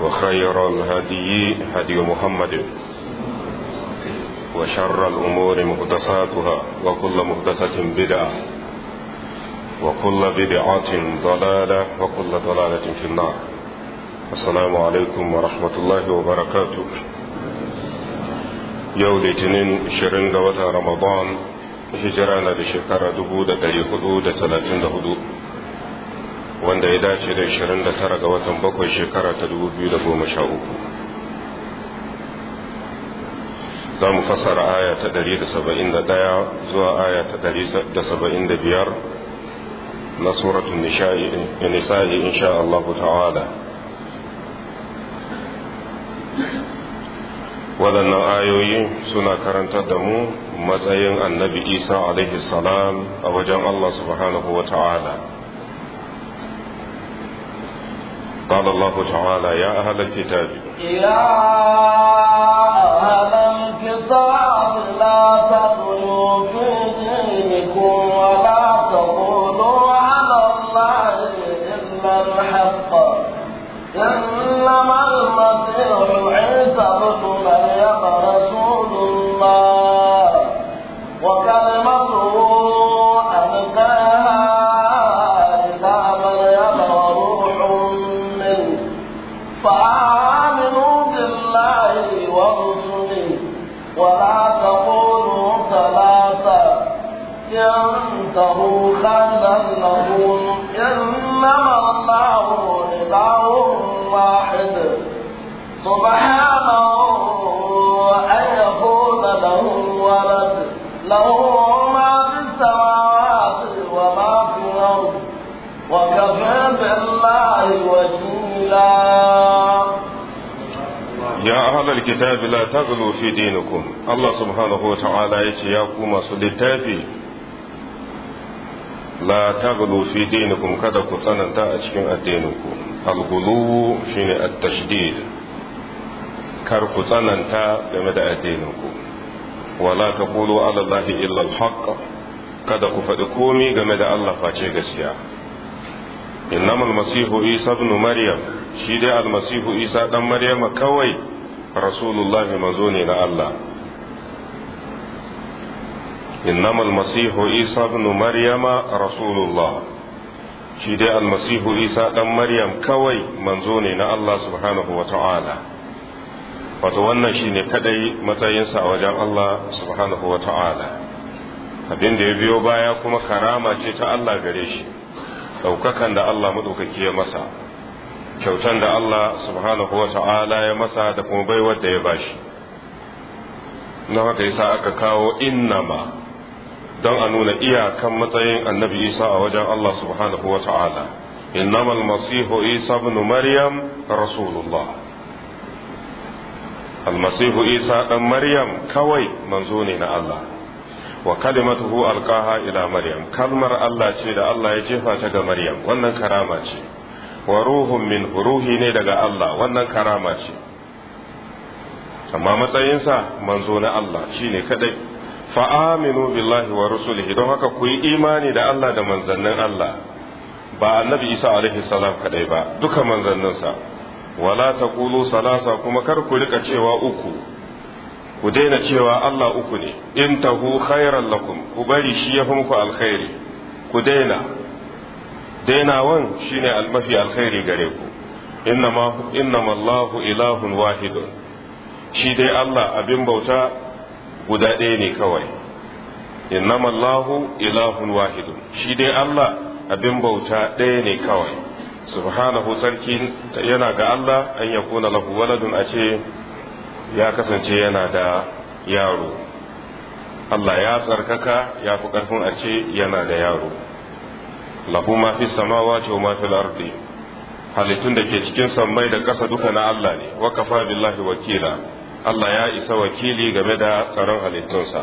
وخير الهدي هدي محمد وشر الأمور مهدساتها وكل مهدسة بدعة وكل بدعة ضلالة وكل ضلالة في النار السلام عليكم ورحمة الله وبركاته يوم الاثنين شرين رمضان هجرانا لشكرة دبودة لحدود ثلاثين دهدود wanda ya dace da 29 ga watan bakwai shekara ta 2013 za mu fasara aya ta 171 zuwa aya ta 175 na suratun nisa'i insha Allah ta'ala waɗannan ayoyi suna karantar da mu matsayin annabi isa alaihi salam a wajen Allah subhanahu wa ta'ala قال الله تعالى يا أهل الكتاب يا أهل الكتاب لا تغلوا في دينكم ولا تقولوا على الله إلا الحق إنما المسيح عيسى بن مريم ولا تقولوا ثلاثة انتهوا خيرا لهم إنما الله إله واحد ahlal kitabi la taghlu fi dinikum Allah subhanahu wa ta'ala yace ya ku masu littafi la taghlu fi dinikum kada ku tsananta a cikin addininku al-ghulu shine at-tashdid kar ku tsananta game da addininku wala illa kada ku faɗi komai game da Allah face gaskiya innama al-masihu isa ibn maryam shi dai al-masihu isa ɗan maryama kawai rasulullahi manzo ne na Allah innama almasihu isa ibn maryama rasulullah shi dai almasihu isa dan maryam kawai manzo ne na Allah subhanahu wa ta'ala wato wannan shine kadai matayinsa a wajen Allah subhanahu wa ta'ala abin da ya biyo baya kuma karama ce ta Allah gare shi Ɗaukakan da Allah madaukaki ya masa kyautan da Allah subhanahu wa ta'ala ya masa da kuma baiwar da ya bashi na haka yasa aka kawo innama don a nuna iyakan matsayin annabi isa a wajen Allah subhanahu wa ta'ala innama almasihu isa ibn maryam rasulullah almasihu isa dan maryam kawai manzo ne na Allah wa kalimatuhu alqaha ila maryam kalmar Allah ce da Allah ya jefa ta ga maryam wannan karama ce wa ruhun min ruhi ne daga Allah wannan karama ce amma matsayinsa manzo na Allah shine kadai aminu billahi wa rusulihi don haka ku yi imani da Allah da manzannin Allah ba annabi Isa alaihi salam kadai ba duka manzanninsa wala taqulu salasa kuma kar ku rika cewa uku ku daina cewa Allah uku ne in tahu khairan lakum ku bari shi ya muku alkhairi ku daina dainawan shine almafi alkhairi gare ku innama Allahu ilahun wahidun shi dai Allah abin bauta guda ɗaya ne kawai innama Allahu ilahun wahidun shi dai Allah abin bauta ɗaya ne kawai subhanahu sarki yana ga Allah an yakuna lahu waladun a ce ya kasance yana da yaro Allah ya tsarkaka ya fi ƙarfin a ce yana da yaro lahu ma fi samawati wa ma halittun da ke cikin sammai da ƙasa duka na Allah ne wa kafa billahi wakila Allah ya isa wakili game da tsaron halittunsa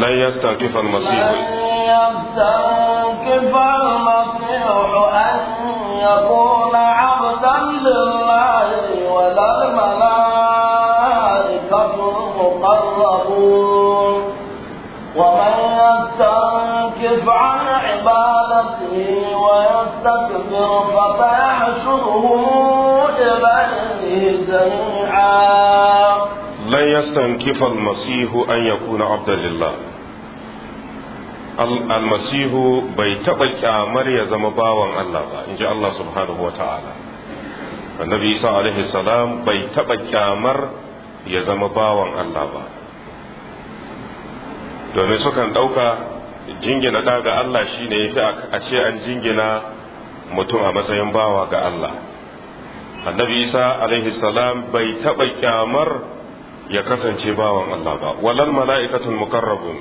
lan yastawqif al-masih يستوقف المصير أن يكون عبدا لله ولا الملائكة يستكبر فسيحشرهم إليه جميعا لن يستنكف المسيح أن يكون عبدا لله almasihu bai taɓa ƙyamar ya zama bawan Allah ba in ji Allah subhanahu wa ta'ala annabi isa alaihi salam bai taɓa ƙyamar ya zama bawan Allah ba domin sukan ɗauka jingina ɗaga, Allah shi ne ya fi a ce an jingina mutum a matsayin bawa ga Allah annabi isa alaihi salam bai taɓa kyamar ya kasance bawan Allah ba walal mala'ikatul mukarrabun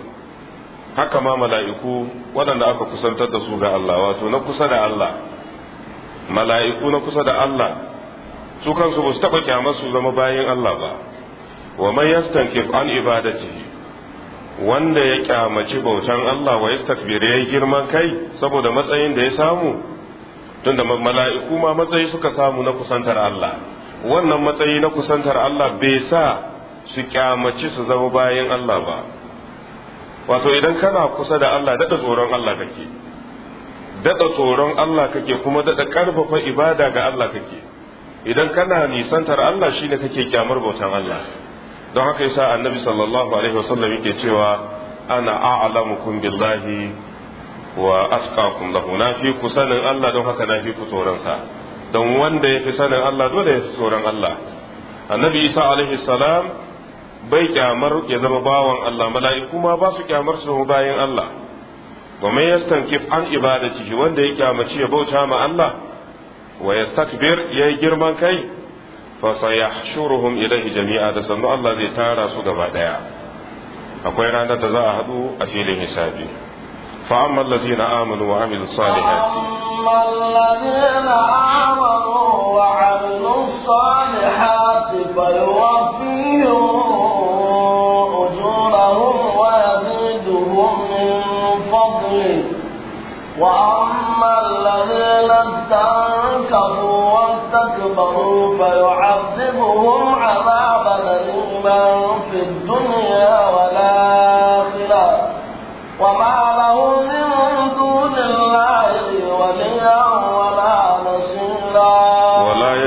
haka ma mala'iku waɗanda aka kusantar da su ga Allah wato na kusa da Allah mala'iku na kusa da Allah su kansu ba su taɓa kyamar su zama bayan Allah ba wa man yastankif an ibadati wanda ya kyamaci bautan Allah wa yastakbir ya girman kai saboda matsayin da ya samu tunda mala'iku ma matsayi suka samu na kusantar Allah wannan matsayi na kusantar Allah bai sa su kyamaci su zama bayan Allah ba wato idan kana kusa da Allah daɗa tsoron Allah kake daɗa tsoron Allah kake kuma daɗa ƙarfafa ibada ga Allah kake idan kana nisantar Allah shi ne kake kyamar bautan Allah don haka yasa annabi sallallahu alaihi wasallam yake cewa ana a'lamukum billahi wa asqakum lahu na fi ku sanin Allah don haka na fi ku tsoronsa don wanda ya fi sanin Allah dole ya fi tsoron Allah annabi Isa alaihi salam bai kyamar ya zama bawan Allah mala'iku ma ba su kyamar su bayan Allah wa man yastankif an ibadatihi wanda ya kyamaci ya bauta ma Allah wa yastakbir yayi girman kai fa sayahshuruhum ilaihi jami'a da sannu Allah zai tara su gaba daya akwai ranar da za a haɗu a filin hisabi فأما الذين آمنوا وعملوا الصالحات فأما الذين آمنوا وعملوا الصالحات فيوفيهم أجورهم ويزيدهم من فضله وأما الذين استنكروا واستكبروا فيعذبهم عذابا أليما في الدنيا ولا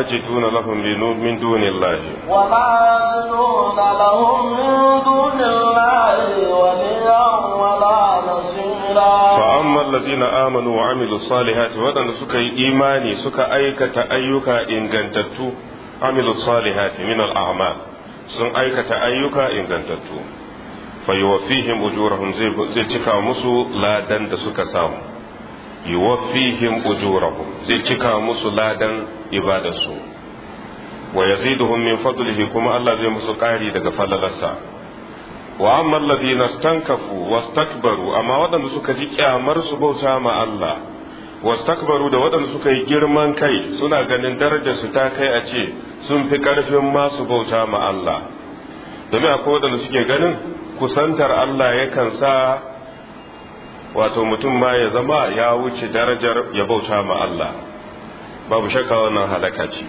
يجدون لهم من دون الله وما يجدون لهم من دون الله وليا ولا نصيرا فأما الذين آمنوا وعملوا الصالحات ودن سكا إيماني سكا أيكة أيكة إن جنتتو عملوا الصالحات من الأعمال سن أيكة أيكة إن جنتتو فيوفيهم أجورهم زي تكا مسو لا دند سكا سامو yuwaffihim ujurahum zai cika musu ladan ibadarsu wa yaziduhum min fadlihi kuma Allah zai musu kari daga falalarsa wa amma alladhina stankafu wastakbaru amma waɗanda suka ji kyamar su bauta ma Allah wastakbaru da waɗanda suka yi girman kai suna ganin darajar su ta kai a ce sun fi ƙarfin masu bauta ma Allah domin akwai waɗanda suke ganin kusantar Allah yakan sa wato mutum ma ya zama ya wuce darajar ya bauta ma Allah babu shakka wannan halaka ce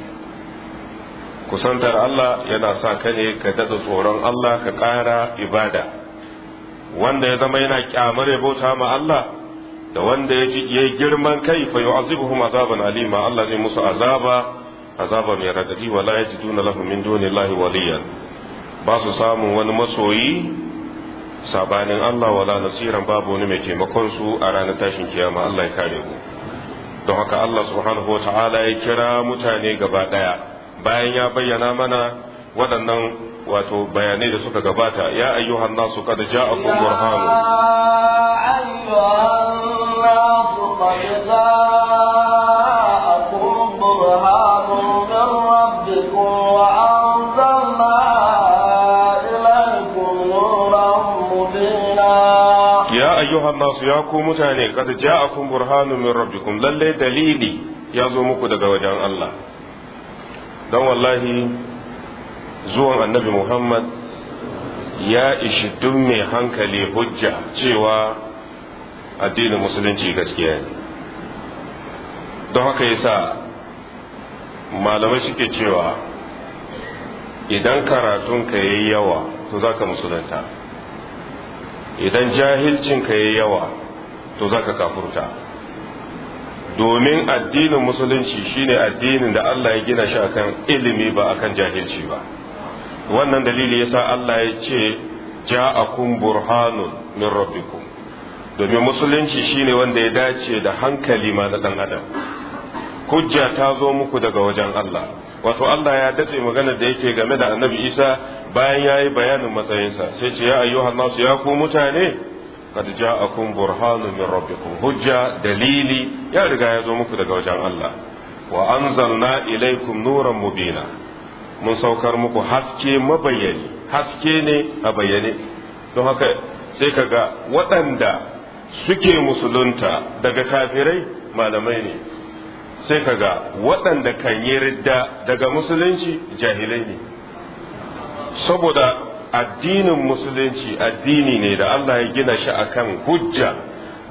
kusantar Allah yana sa ka ne ka daɗa tsoron Allah ka ƙara ibada wanda ya zama yana kyamar ya bauta ma Allah da wanda ya yi girman kai fa yu'azibuhum azaban alima Allah zai musu azaba azaba mai radadi wala yajiduna lahum min dunillahi waliyan ba su samun wani masoyi sabanin Allah wala nasiran babu wani mai taimakon su a ranar tashin kiyama Allah ya kare ku don haka Allah subhanahu wata'ala ya kira mutane gaba daya bayan ya bayyana mana waɗannan wato bayanai da suka gabata ya ayyuhan nasu qad ja'akum burhanu ya ayyuhan nasu qad su ya ku mutane kad ja'akum burhanu min rabbikum lalle dalili ya zo muku daga wajen Allah dan wallahi zuwan annabi Muhammad ya ishi duk mai hankali hujja cewa addinin musulunci gaskiya ne don haka yasa malamai suke cewa idan karatun karatunka yayi yawa to zaka musulunta idan jahilcin ka yayi yawa to zaka kafurta domin addinin musulunci shine addinin da Allah ya gina shi akan ilimi ba akan jahilci ba wannan dalili yasa Allah ya ce ja'akum burhanun min rabbikum domin musulunci shine wanda ya dace da hankali ma na dan adam hujja ta zo muku daga wajen Allah wato Allah ya datse magana da yake game da annabi Isa bayan ya yi bayanin matsayinsa sai ce ya ayyuha nasu ya ku mutane kad ja'akum burhanu min rabbikum hujja dalili ya riga ya zo muku daga wajen Allah wa anzalna ilaykum nuran mubina mun saukar muku haske mabayyani haske ne a bayyane don haka sai kaga waɗanda suke musulunta daga kafirai malamai ne sai ka ga waɗanda kan yi ridda daga musulunci jahilai ne saboda addinin musulunci addini ne da Allah ya gina shi a kan hujja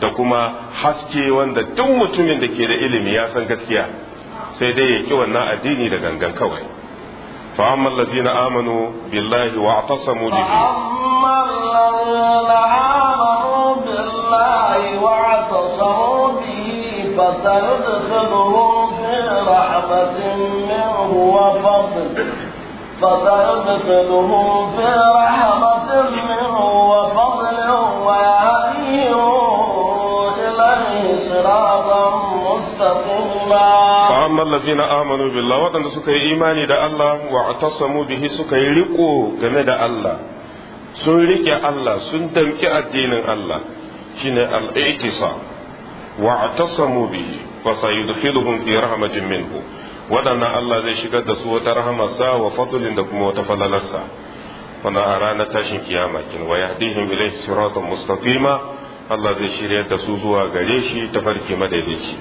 da kuma haske wanda duk mutumin da ke da ilimi ya san gaskiya sai dai ya ki wannan addini da gangan kawai fa amma allazina amanu billahi wa atasamu bihi amma allazina amanu فسندخلهم في رحمة منه وفضل فسندخلهم في رحمة منه وفضل ويهديهم إليه صراطا مستقيما فأما الذين آمنوا بالله وأن سكي إيماني دا الله واعتصموا به سكي رقوا كما دا الله sun rike Allah sun tamki addinin Allah shine al-i'tisam واعتصموا به فسيدخلهم في رحمة منه ودنا الله زي شقد سوى wa سا وفضل لكم wata سا wannan a ranar tashin kiyama kin wa yahdihim ilayhi siratan mustaqima Allah zai shirya da su zuwa gare shi tafarki farki madaidaici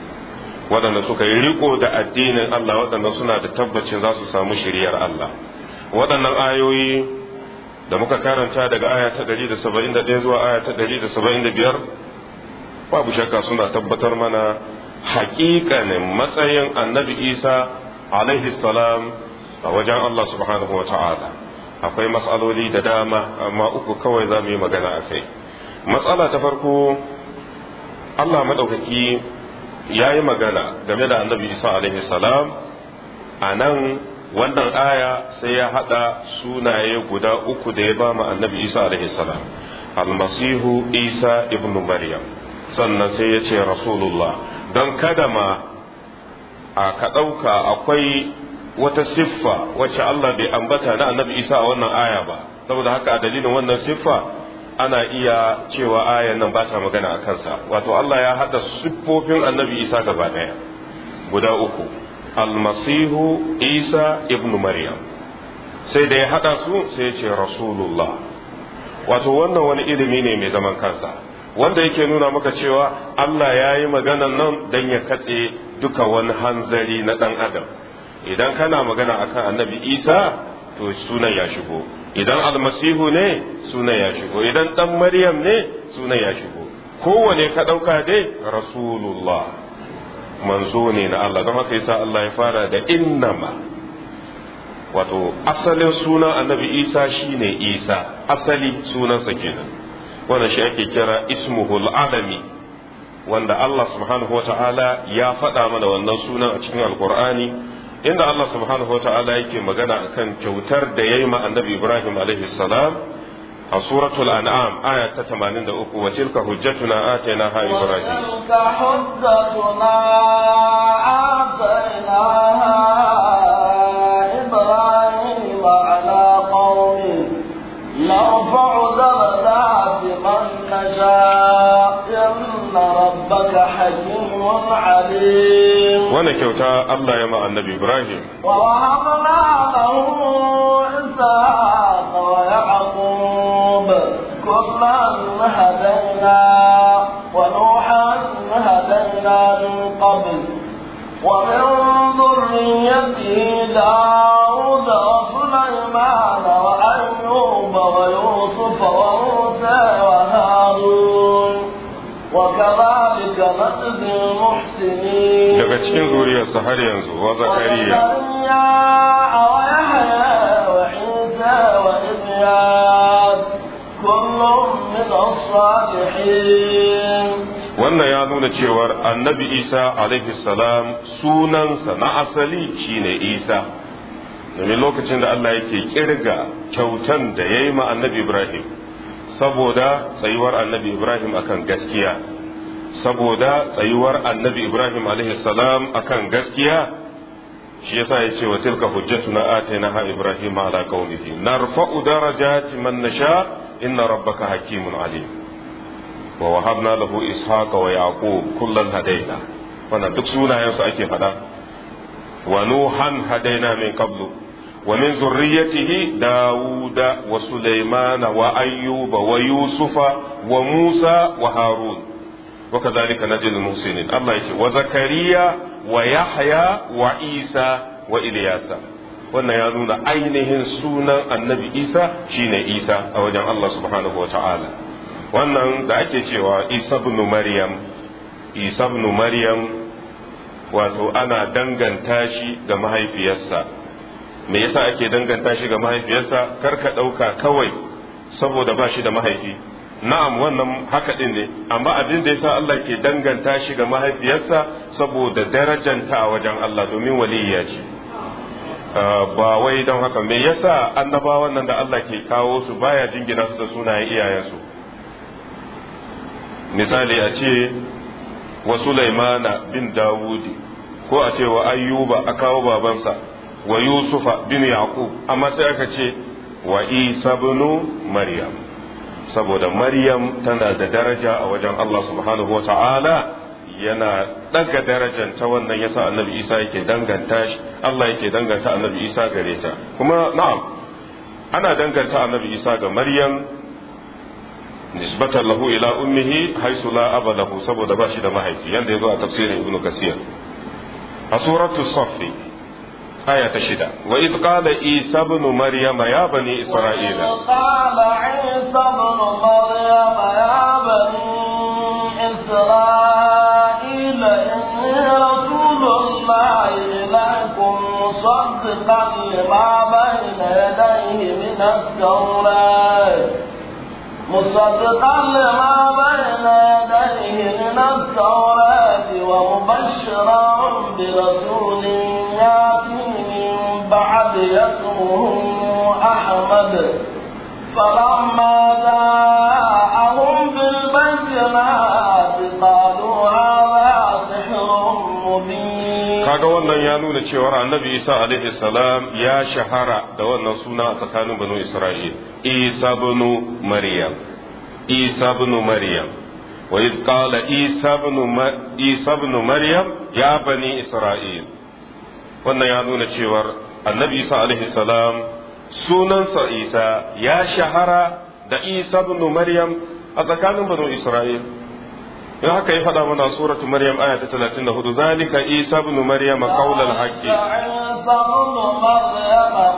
waɗanda suka yi riko da addinin Allah waɗanda suna da tabbacin za su samu shiriyar Allah waɗannan ayoyi da muka karanta daga aya ta 171 zuwa aya ta 175 babu shakka suna tabbatar mana haƙiƙanin matsayin annabi isa alaihi salam a wajen allah subhanahu wa ta'ala akwai matsaloli da dama amma uku kawai za mu yi magana a kai matsala ta farko allah maɗaukaki ya yi magana game da annabi isa alaihi salam a nan wannan aya sai ya haɗa sunaye guda uku da ya ba mu annabi isa alaihi salam almasihu isa ibn maryam sannan sai yace ce rasulullah don kada ma a ka ɗauka akwai wata siffa wacce Allah bai ambata na annabi isa a wannan aya ba saboda haka a dalilin wannan siffa ana iya cewa ayan nan ba ta magana a kansa wato Allah ya hada siffofin annabi isa gaba ɗaya guda uku almasihu isa ibnu maryam sai da ya haɗa su sai ya ce rasulullah wato wannan wani ilimi ne mai zaman kansa wanda yake nuna maka cewa Allah ya yi maganan nan don ya katse duka wani hanzari na ɗan adam idan kana magana akan annabi isa to sunan ya shigo idan almasihu ne sunan ya shigo idan ɗan maryam ne sunan ya shigo kowane ka ɗauka dai rasulullah manzo ne na Allah don haka yasa Allah ya fara da innama wato asalin sunan annabi isa shine isa asali sunansa kenan wannan shi ake kira ismuhul alami wanda Allah subhanahu wa ta'ala ya faɗa mana wannan sunan a cikin alkur'ani inda Allah subhanahu wa ta'ala yake magana akan kyautar da ya yi ma annabi Ibrahim alaihi salam a suratul an'am aya ta tamanin wa tilka hujjatuna atayna ha ibrahim إن ربك حكيم عليم وانا كيوتا الله يما النبي إبراهيم ووهبنا له إسحاق ويعقوب كلا هدينا ونوحا هدينا من قبل ومن ذريته داود وسليمان وأيوب ويوسف وموسى وكذلك نجزي المحسنين daga cikin zuriyarsa har yanzu wa zakariya wa yahya wa isa wa ilyas kullum min as-salihin wannan ya nuna cewar annabi isa alaihi salam sunansa na asali shine isa domin lokacin da Allah yake kirga kyautan da ya yi ma annabi Ibrahim saboda tsayuwar annabi Ibrahim akan gaskiya saboda tsayuwar annabi ibrahim salam akan gaskiya shi yasa ya ce wa tilka hujjatuna ha ibrahim ala qaumihi narfa'u darajati man nasha inna rabbaka hakimun Ali. wa wahabna lahu ishaqa wa yaqub kullan hadaina wannan duk sunayen su ake fada wa nuhan hadaina min qablu wa min zurriyyatihi dawuda wa sulaymana wa ayyuba wa yusufa wa musa wa harun wa kadhalika najil muhsinin Allah yake wa zakariya wa yahya wa isa wa ilyasa wannan ya nuna ainihin sunan annabi isa shine isa a wajen Allah subhanahu wa wannan da ake cewa isa ibn maryam isa ibn maryam wato ana danganta shi ga mahaifiyarsa me yasa ake danganta shi ga mahaifiyarsa kar ka ɗauka kawai saboda ba shi da mahaifi na'am wannan haka din ne amma abin da yasa Allah ke danganta shi ga mahaifiyarsa saboda darajanta a wajen Allah domin waliyya ce ah, ba wai don haka me yasa annabawan nan da Allah ke kawo su baya jingina su da sunayen iyayensu misali a ce wa Sulaimana bin Dawudi ko a ce wa Ayyuba a kawo babansa wa Yusufa bin Yaqub amma sai aka ce wa Isa bin Maryam saboda maryam tana da daraja a wajen Allah subhanahu wa ta'ala yana daga darajar ta wannan yasa annabi isa yake danganta shi Allah yake danganta annabi isa gare ta kuma na'am ana danganta annabi isa ga maryam nisbatan lahu ila ummihi haisu la aba lahu saboda ba shi da mahaifi yanda yazo a tafsirin ibnu kasir a suratu safi آية تشيدا وإذ قال عيسى ابن مريم يا بني إسرائيل وإذ قال عيسى ابن مريم يا بني إسرائيل إني رسول الله إليكم مصدقا لما بين يديه من التوراة مصدقا لما بين يديه من التوراة ومبشرا برسول ياتي بعد اسمه أحمد فلما جاءهم بالبينات قالوا هذا سحر مبين kaga wannan ya nuna cewa annabi isa alaihi salam ya shahara da wannan suna a tsakanin banu isra'il isa banu maryam isa banu maryam wa iz qala isa banu isa banu maryam ya bani isra'il wannan ya nuna cewa annabi isa alaihi salam sunansa isa ya shahara da isa ibn maryam a tsakanin banu isra'il in haka ya faɗa mana suratu maryam aya ta 34 zalika isa ibn maryam qaulul haqqi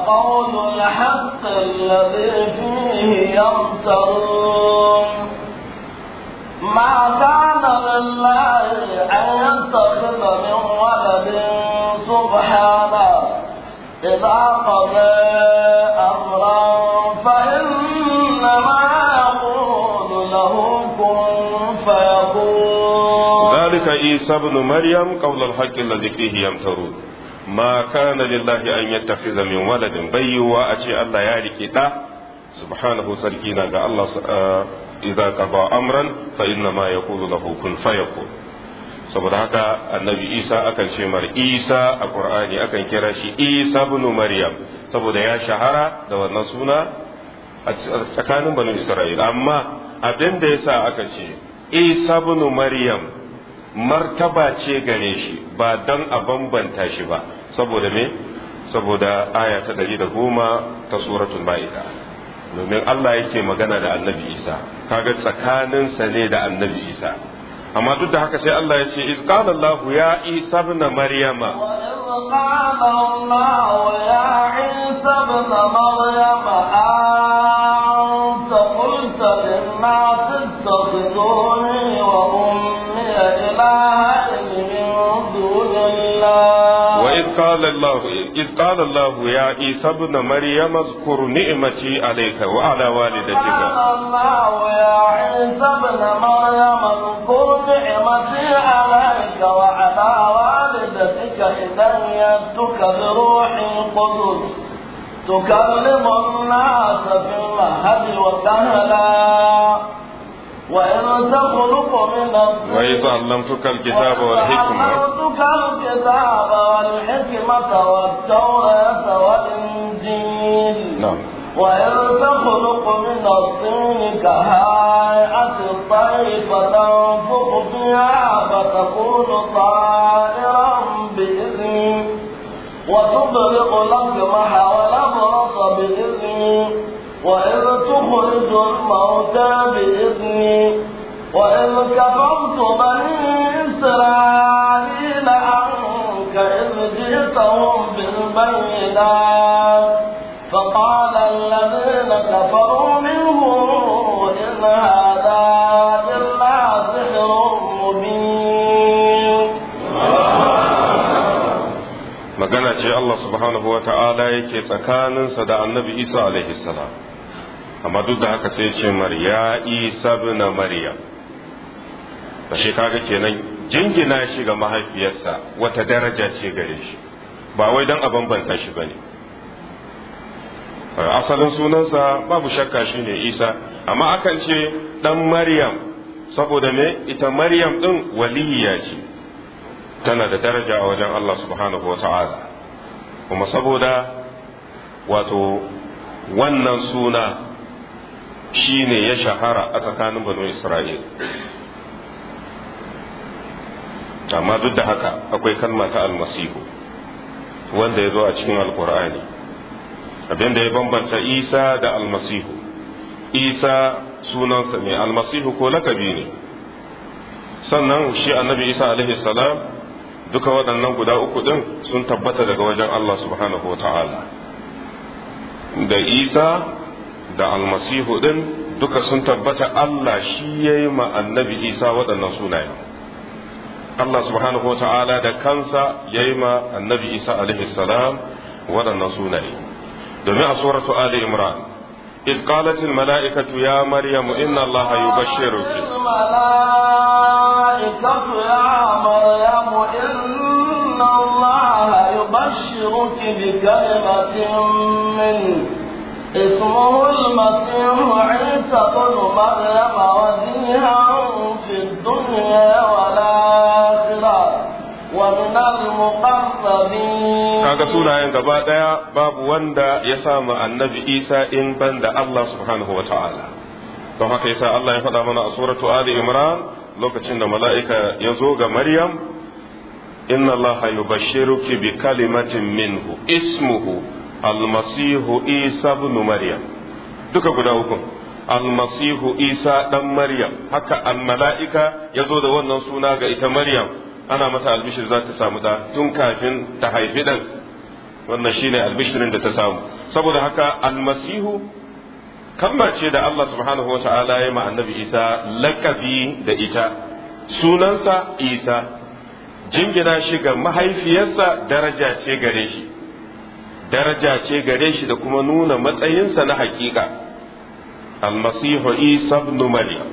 qaulul haqqi alladhi fihi yamtarun ما كان لله أن يتخذ من ولد سبحانه إذا قضى أمرا فإنما يقول له كن فيقول ذلك عيسى ابن مريم قول الحق الذي فيه يمترون ما كان لله أن يتخذ من ولد بيوا أشي الله يالك دا سبحانه سلكينا قال الله إذا قضى أمرا فإنما يقول له كن فيقول saboda haka annabi isa akan ce mar isa a ƙur'ani akan kira shi isa ibn maryam saboda ya shahara da wannan suna a tsakanin banu isra'ila amma abin da yasa aka ce isa ibn maryam martaba ce gare shi ba dan a bambanta shi ba saboda me saboda aya ta dari da goma ta suratul ma'ida domin Allah yake magana da annabi isa kaga tsakaninsa ne da annabi isa amma duk da haka sai Allah ya ce iz qala Allah ya Isa ibn Maryama قال الله يا عيسى ابن مريم أنت قلت للناس اتخذوني وأمي إلها qala Allah iz qala Allah ya Isa ibn Maryam zkur ni'mati alayka wa ala walidatika Allah ya Isa ibn Maryam zkur ni'mati alayka wa ala walidatika idan yabtuka bi تكلم الناس في المهد وكهلا وإذا علمتك الكتاب والحكمة علمتك الكتاب والحكمة والتوراة والإنجيل نعم وإن تخلق من الطين كهيئة الطير فتنفق فيها فتكون طائرا بإذني وتبرق محاولة والأبرص بإذني وإذ تخرج الموتى بإذني وإذ كفرت بني إسرائيل عنك إذ جئتهم بالبينات فقال الذين كفروا منهم إن هذا إلا سحر مبين magana ce Allah subhanahu wa ta'ala yake tsakaninsa da annabi Isa alaihi salam amma duk da haka sai ce mar ya isa na maryam da shi kaga kenan jingina shi ga mahaifiyarsa wata daraja ce gare shi ba wai don a bambanta shi bane eh, asalin sunansa babu shakka shine isa amma akan ce dan maryam saboda me ita maryam din waliya ce tana da daraja a wajen Allah subhanahu wa ta'ala kuma saboda wato wannan suna Shi ne ya shahara a tsakanin banu isra'il amma duk da haka akwai kalma ta almasihu wanda ya zo a cikin alkur'ani abin da ya bambanta isa da almasihu isa sunansa ne almasihu ko lakabi ne sannan shi annabi isa alaihi salam duka waɗannan guda uku ɗin sun tabbata daga wajen allah subhanahu wa ta'ala da isa da almasihu din duka sun tabbata Allah shi ya yi ma annabi Isa waɗannan sunaye. Allah subhanahu wa ta'ala da kansa ya yi ma annabi Isa salam waɗannan sunaye domin a suratu Ali Imran إذ قالت الملائكة يا مريم إن الله يبشرك الملائكة يا مريم إن الله يبشرك بكلمة منه اسمه المسيح عيسى بن مريم وجيها في الدنيا والآخرة ومن المقربين kaga sunayen gaba daya babu wanda ya samu annabi Isa in banda Allah subhanahu wa ta'ala don haka yasa Allah ya faɗa mana a suratu Ali Imran lokacin da mala'ika ya zo ga Maryam inna Allah yubashshiruki bi kalimatin minhu ismuhu almasihu isa ibn maryam duka guda uku almasihu isa dan maryam haka almala'ika ya zo da wannan suna ga ita maryam ana mata albishir za ta samu da tun kafin ta haifi dan wannan shine albishirin da ta samu saboda haka almasihu kammace ce da Allah subhanahu wa ya ma annabi isa laqabi da ita sunansa isa jingina shi ga mahaifiyarsa daraja ce gare shi daraja ce gare shi da kuma nuna matsayinsa na hakika almasihu isa ibn maryam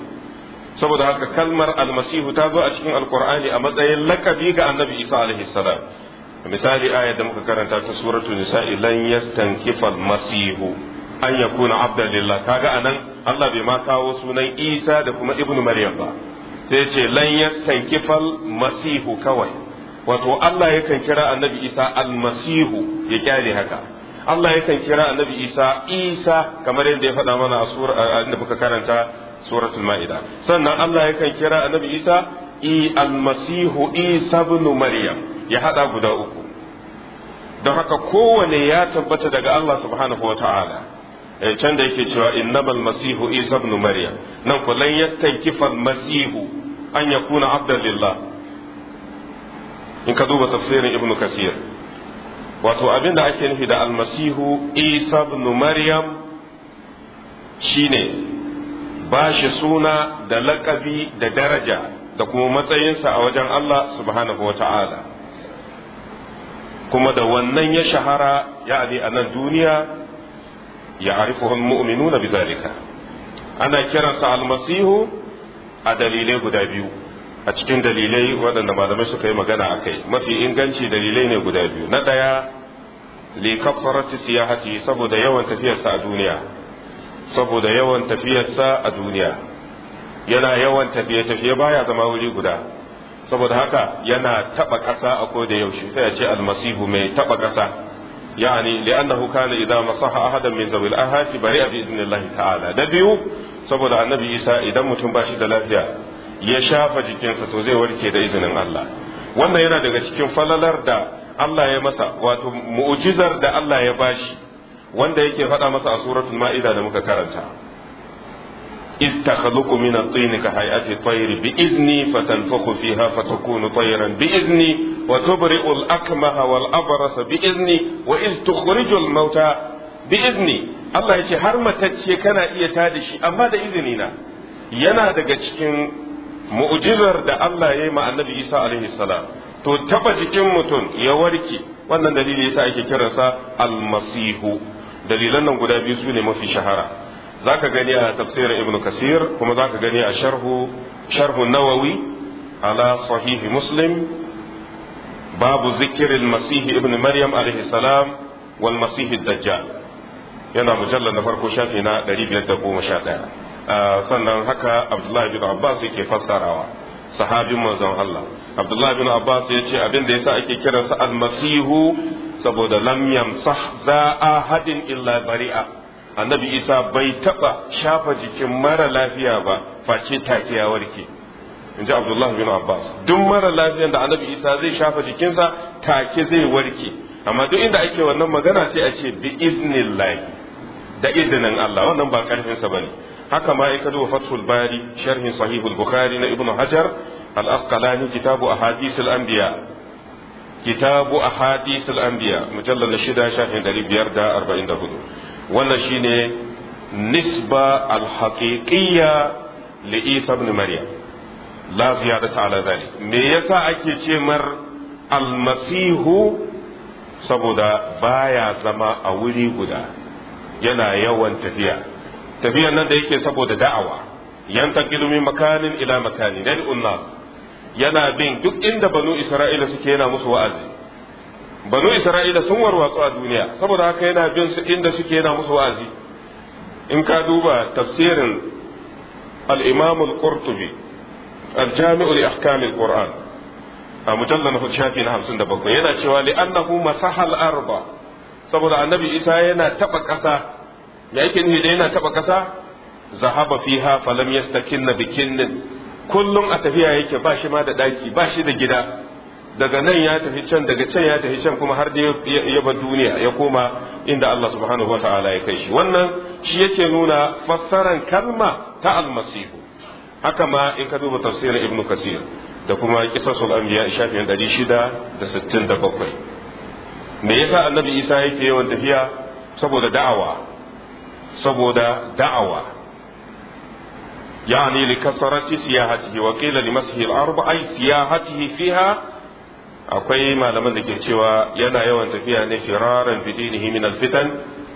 saboda haka kalmar almasihu ta zo a cikin alkur'ani a matsayin lakabi ga annabi isa alaihi salam misali ayar da muka karanta ta suratul nisa'i lan yastankifa Masihu. an yakuna abdan lillah kaga anan Allah bai ma kawo sunan isa da kuma ibnu maryam ba sai ce lan yastankifal masihu kawai wato Allah yakan kira annabi Isa almasihu ya kyale haka Allah yakan kira annabi Isa Isa kamar yadda ya faɗa mana a sura inda muka karanta suratul Ma'ida sannan Allah yakan kira annabi Isa i almasihu Isa ibn Maryam ya hada guda uku don haka kowane ya tabbata daga Allah subhanahu wa ta'ala eh, can da yake cewa innamal masihu isa ibn maryam nan ku lan yastankifa masihu an yakuna abdan lillah in ka duba tafsirin ibnu kasir wato abin da ake nufi da almasihu isa ibn maryam shine ba shi suna da laƙabi da daraja da kuma matsayinsa a wajen Allah subhanahu wa ta'ala kuma da wannan ya shahara ya a nan duniya ya arifuhun mu'minu na bizalika ana kiransa almasihu a dalilai guda biyu a cikin dalilai waɗanda malamai suka yi magana a kai mafi inganci dalilai ne guda biyu na ɗaya likafarati siya siyahati saboda yawan tafiyarsa a duniya saboda yawan tafiyarsa a duniya yana yawan tafiye-tafiye baya zama wuri guda saboda haka yana taba ƙasa a koda yaushe sai a ce almasihu mai taɓa ƙasa yani li'annahu kana idza masaha ahadan min zawil ahati bari'a bi idnillah ta'ala da biyu saboda annabi Isa idan mutum bashi da lafiya ya shafa jikinsa to zai warke da izinin Allah wannan yana daga cikin falalar da Allah ya masa wato mu'jizar da Allah ya bashi wanda yake faɗa masa a suratun ma'iza da muka karanta istakhluqu min at-tin ka hay'ati tayr bi izni fatanfukhu fiha fatakunu tayran bi izni wa tubri'u al wal abras bi izni wa iz tukhriju bi izni Allah yace har matacce kana iya ta da shi amma da izini na yana daga cikin mu'jizar da Allah ya yi ma annabi Isa alaihi salam to taba jikin mutum ya warke wannan dalili yasa ake kiransa almasihu dalilan nan guda biyu su ne mafi shahara zaka gani a tafsirin ibn kasir kuma zaka gani a sharhu sharhu nawawi ala sahihi muslim babu zikirin masihi ibn maryam alaihi salam wal masihi dajjal yana mujallar na farko shafi na 511 Ah, sannan haka abdullahi bin abbas yake fassarawa sahabin manzon Allah abdullahi bin abbas ya ce abin da yasa ake kiransa almasihu saboda lam yamsah za ahadin illa bari'a annabi isa bai taba shafa jikin mara lafiya ba face take ya warke in abdullahi bin abbas duk mara lafiyan da annabi isa zai shafa jikinsa take zai warke amma duk inda ake wannan magana sai a ce bi iznillahi da izinin Allah wannan ba karfinsa bane haka ma ya kado fathul bari sharhin sahihul bukhari na ibnu hajar al asqalani kitabu ahadithul anbiya kitabu ahadithul anbiya mujallal shida shafin dari biyar da arba'in da hudu wannan shine nisba al haqiqiyya li isa ibn maryam la ziyadata me yasa ake ce mar al masihu saboda baya zama a wuri guda yana yawan tafiya tafiyan nan da yake saboda da'awa yan min makanin ila makani. yad'un nas yana bin duk inda banu isra'ila suke yana musu wa'azi banu isra'ila sun warwatsu a duniya saboda haka yana bin su inda suke yana musu wa'azi in ka duba tafsirin al-imam al-qurtubi al-jami'u li ahkam al-qur'an a mujallal na shafi na 57 yana cewa li annahu masahal arba saboda annabi isa yana taba kasa me yake da yana taɓa kasa zahaba fiha falam bikin bikinnin kullum a tafiya yake ba shi ma da ɗaki ba shi da gida daga nan ya tafi can daga can ya tafi can kuma har da ya bar duniya ya koma inda Allah subhanahu wata'ala ya kai shi wannan shi yake nuna fassaran kalma ta almasihu haka ma in ka duba tafsirin ibnu kasir da kuma kisasul anbiya shafin 667 me yasa annabi isa yake yawan tafiya saboda da'awa saboda da'awa yani li kasarati siyahatihi wa qila li masihi al-arba ay fiha akwai malaman da ke cewa yana yawan tafiya ne firaran bidinihi min al-fitan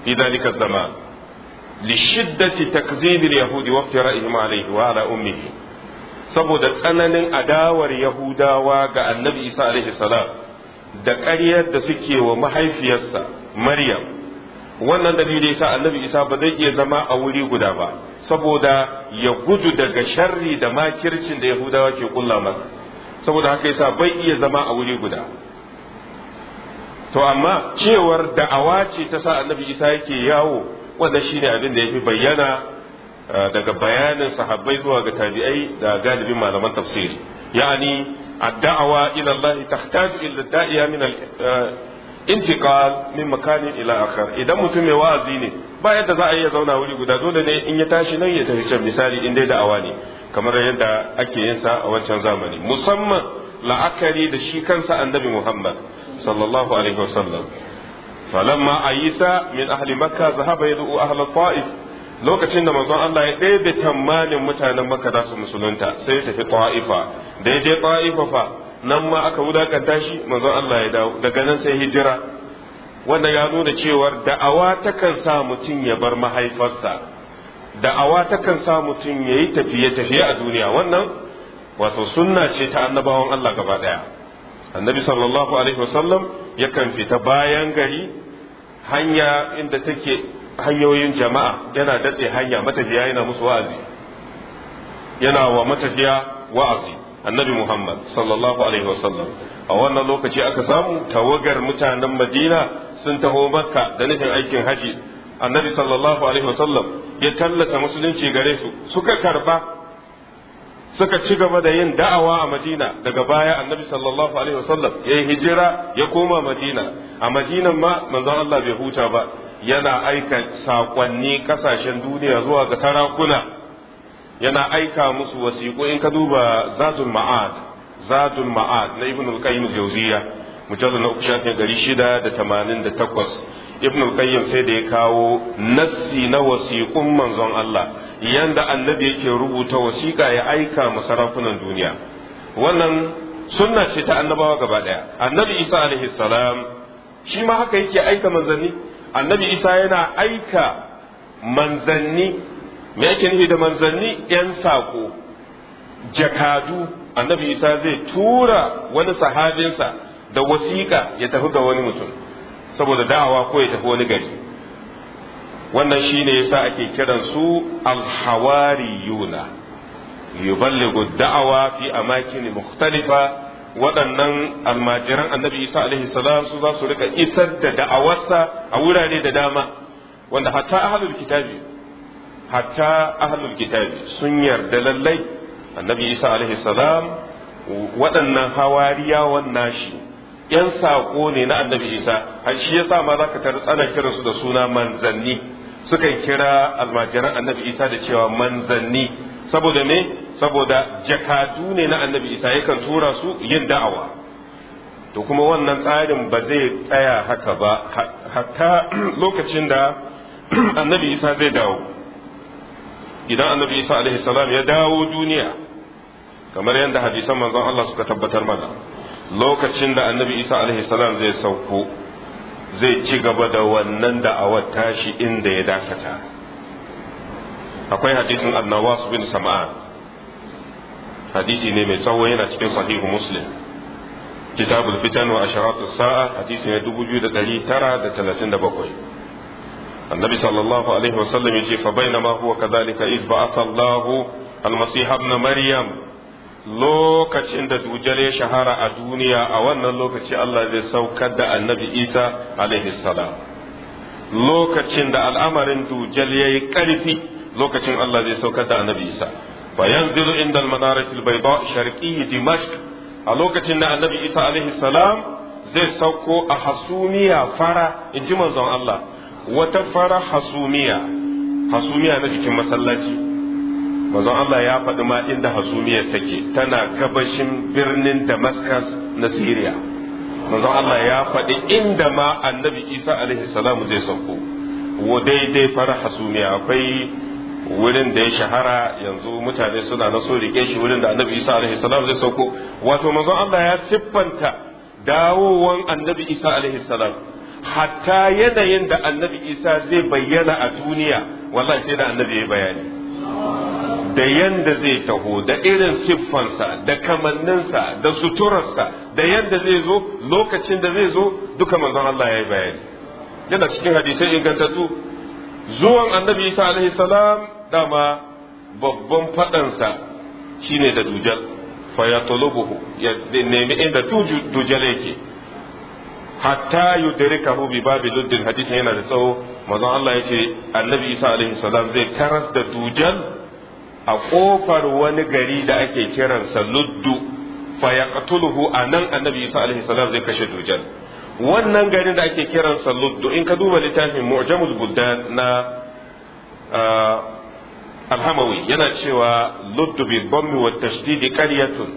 fi dhalika zaman li shiddati takzib yahudi wa iftira'ihim alayhi wa ala ummihi saboda tsananin adawar yahudawa ga annabi isa da ƙaryar da suke wa mahaifiyarsa maryam wannan dalilai sa annabi isa ba zai iya zama a wuri guda ba saboda ya gudu daga sharri da makircin da yahudawa ke kulla ba saboda haka yasa bai iya zama a wuri guda to amma cewar da'awa ce ta sa annabi isa yake yawo wanda shine abin da yafi bayyana eh, daga bayanin sahabbai zuwa ga tabi'ai da galibin malaman tafsiri ya'ani adda'awa ila Allah tahtaju ila da'iya min eh, intiqal min makani ila akhar idan mutum mai wa'azi ne ba yadda za a iya zauna wuri guda dole ne in ya tashi nan ya tafi can misali in dai da'awa ne kamar yadda ake yin sa a wancan zamani musamman la'akari da shi kansa annabi Muhammad sallallahu alaihi wasallam falamma ayisa min ahli makka zahaba yad'u ahli ta'if lokacin da manzon Allah ya ɗebe tamanin mutanen makka za su musulunta sai ya tafi ta'ifa da ya je ta'ifa fa nan ma aka wulakanta shi manzon Allah ya dawo daga nan sai hijira wannan ya nuna cewar da'awa takan sa mutum ya bar mahaifarsa da'awa takan sa mutum ya yi tafiye-tafiye a duniya wannan wato sunna ce ta annabawan Allah gaba daya annabi sallallahu alaihi wasallam yakan fita bayan gari hanya inda take hanyoyin jama'a yana datse hanya matafiya yana musu wa'azi yana wa matafiya wa'azi annabi Muhammad sallallahu alaihi wasallam a wannan lokaci aka samu tawagar mutanen Madina sun taho Makka da nufin aikin haji annabi sallallahu alaihi wasallam ya tallata musulunci gare su suka karba suka ci gaba da yin da'awa a Madina daga baya annabi sallallahu alaihi wasallam ya yi hijira ya koma Madina a Madina ma manzon Allah bai huta ba yana aika saƙonni ƙasashen duniya zuwa ga sarakuna yana aika musu wasiƙo in ka duba zadul ma'ad zadul ma'ad na ibnul qayyim jawziya mujallad na uku shafin gari shida da tamanin da takwas ibn qayyim sai da ya kawo nassi na wasiƙun manzon Allah yanda annabi yake rubuta wasiƙa ya aika masarafunan duniya wannan sunna ce ta annabawa gaba daya annabi isa alaihi salam shi ma haka yake aika manzanni annabi isa yana aika manzanni me yake nufi da manzanni yan sako jakadu annabi isa zai tura wani sahabinsa da wasiƙa ya tafi ga wani mutum saboda da'awa ko ya tafi wani gari wannan shine yasa ake kiran su alhawariyuna yuballighu da'awa fi amakin mukhtalifa waɗannan almajiran annabi isa alaihi salam su za su rika isar da da'awarsa a wurare da dama wanda hatta ahlul kitabi hatta ahlul kitabi sun yarda lallai annabi isa alaihi salam waɗannan wannan nashi yan saƙo ne na annabi isa shi yasa ma zaka tar kira su da suna manzanni suka kira almajiran annabi isa da cewa manzanni saboda ne saboda jakadu ne na annabi isa yakan tura su yin da'awa to kuma wannan tsarin ba zai tsaya haka ba hatta lokacin da annabi isa zai dawo idan annabi isa alaihi salam ya dawo duniya kamar yadda hadisan manzon Allah suka tabbatar mana lokacin da annabi isa alaihi salam zai sauko zai ci gaba da wannan da'awar tashi inda ya dakata akwai hadisin annawas bin sama'an hadisi ne mai tsawo yana cikin sahihu muslim kitabul fitan wa asharat as-sa'a hadisi ne 2937 النبي صلى الله عليه وسلم يجي فبينما هو كذلك إذ بعث الله المسيح ابن مريم lokacin da dujal ya shahara a duniya a wannan lokaci Allah zai saukar da annabi Isa alaihi salam lokacin da al'amarin dujal ya yi ƙarfi lokacin Allah zai saukar da annabi Isa inda a lokacin da annabi Isa alaihi salam zai sauko a hasumiya fara in ji manzon Allah wata fara hasumiya hasumiya na jikin masallaci mazan Allah ya faɗi ma inda hasumiya take tana gabashin birnin damascus na syria mazan Allah ya faɗi inda ma annabi isa alaihi salamu zai sauko wa daidai fara hasumiya akwai wurin da ya shahara yanzu mutane suna na so rike shi wurin da annabi isa alaihi salam zai sauko wato mazan Allah ya siffanta dawowan annabi isa alaihi salam hatta yanayin da annabi isa zai bayyana a duniya wallahi sai da annabi ya bayani da yanda zai taho da irin siffansa da kamanninsa da suturarsa da yanda zai zo lokacin da zai zo duka manzon Allah ya yi bayani yana cikin hadisai ingantattu zuwan annabi isa alaihi salam dama babban fadansa shine da dujal fa ya ya nemi inda dujal yake hatta yudrikahu bi babi luddin hadisin yana da tsawo manzon Allah yace annabi Isa alaihi salam zai karas da dujal a kofar wani gari da ake kiransa luddu fa yaqtuluhu anan annabi Isa alaihi salam zai kashe dujal wannan garin da ake kiransa luddu in ka duba littafin mu'jamul buddan na ah, alhamawi yana cewa luddu bi bommi wa tashdidi qaryatun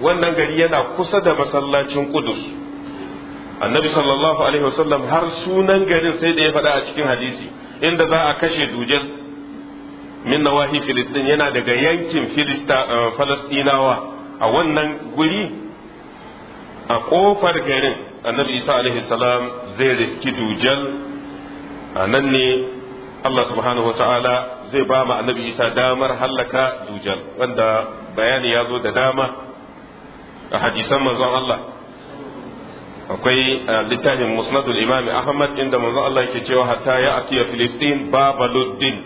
wannan gari yana kusa da masallacin Qudus annabi sallallahu alaihi wasallam har sunan garin sai da ya faɗa a cikin hadisi inda za a kashe dujal min nawahi filistin yana daga yankin eh, falastinawa a wannan guri a kofar garin annabi isa alaihi salam zai riski dujal a nan ne allah subhanahu wa ta'ala zai ba mu annabi isa damar hallaka dujal wanda bayani ya zo da dama a hadisan manzon Allah akwai littafin musnadul imami ahmad inda manzon Allah yake cewa hatta ya atiya filistin babaluddin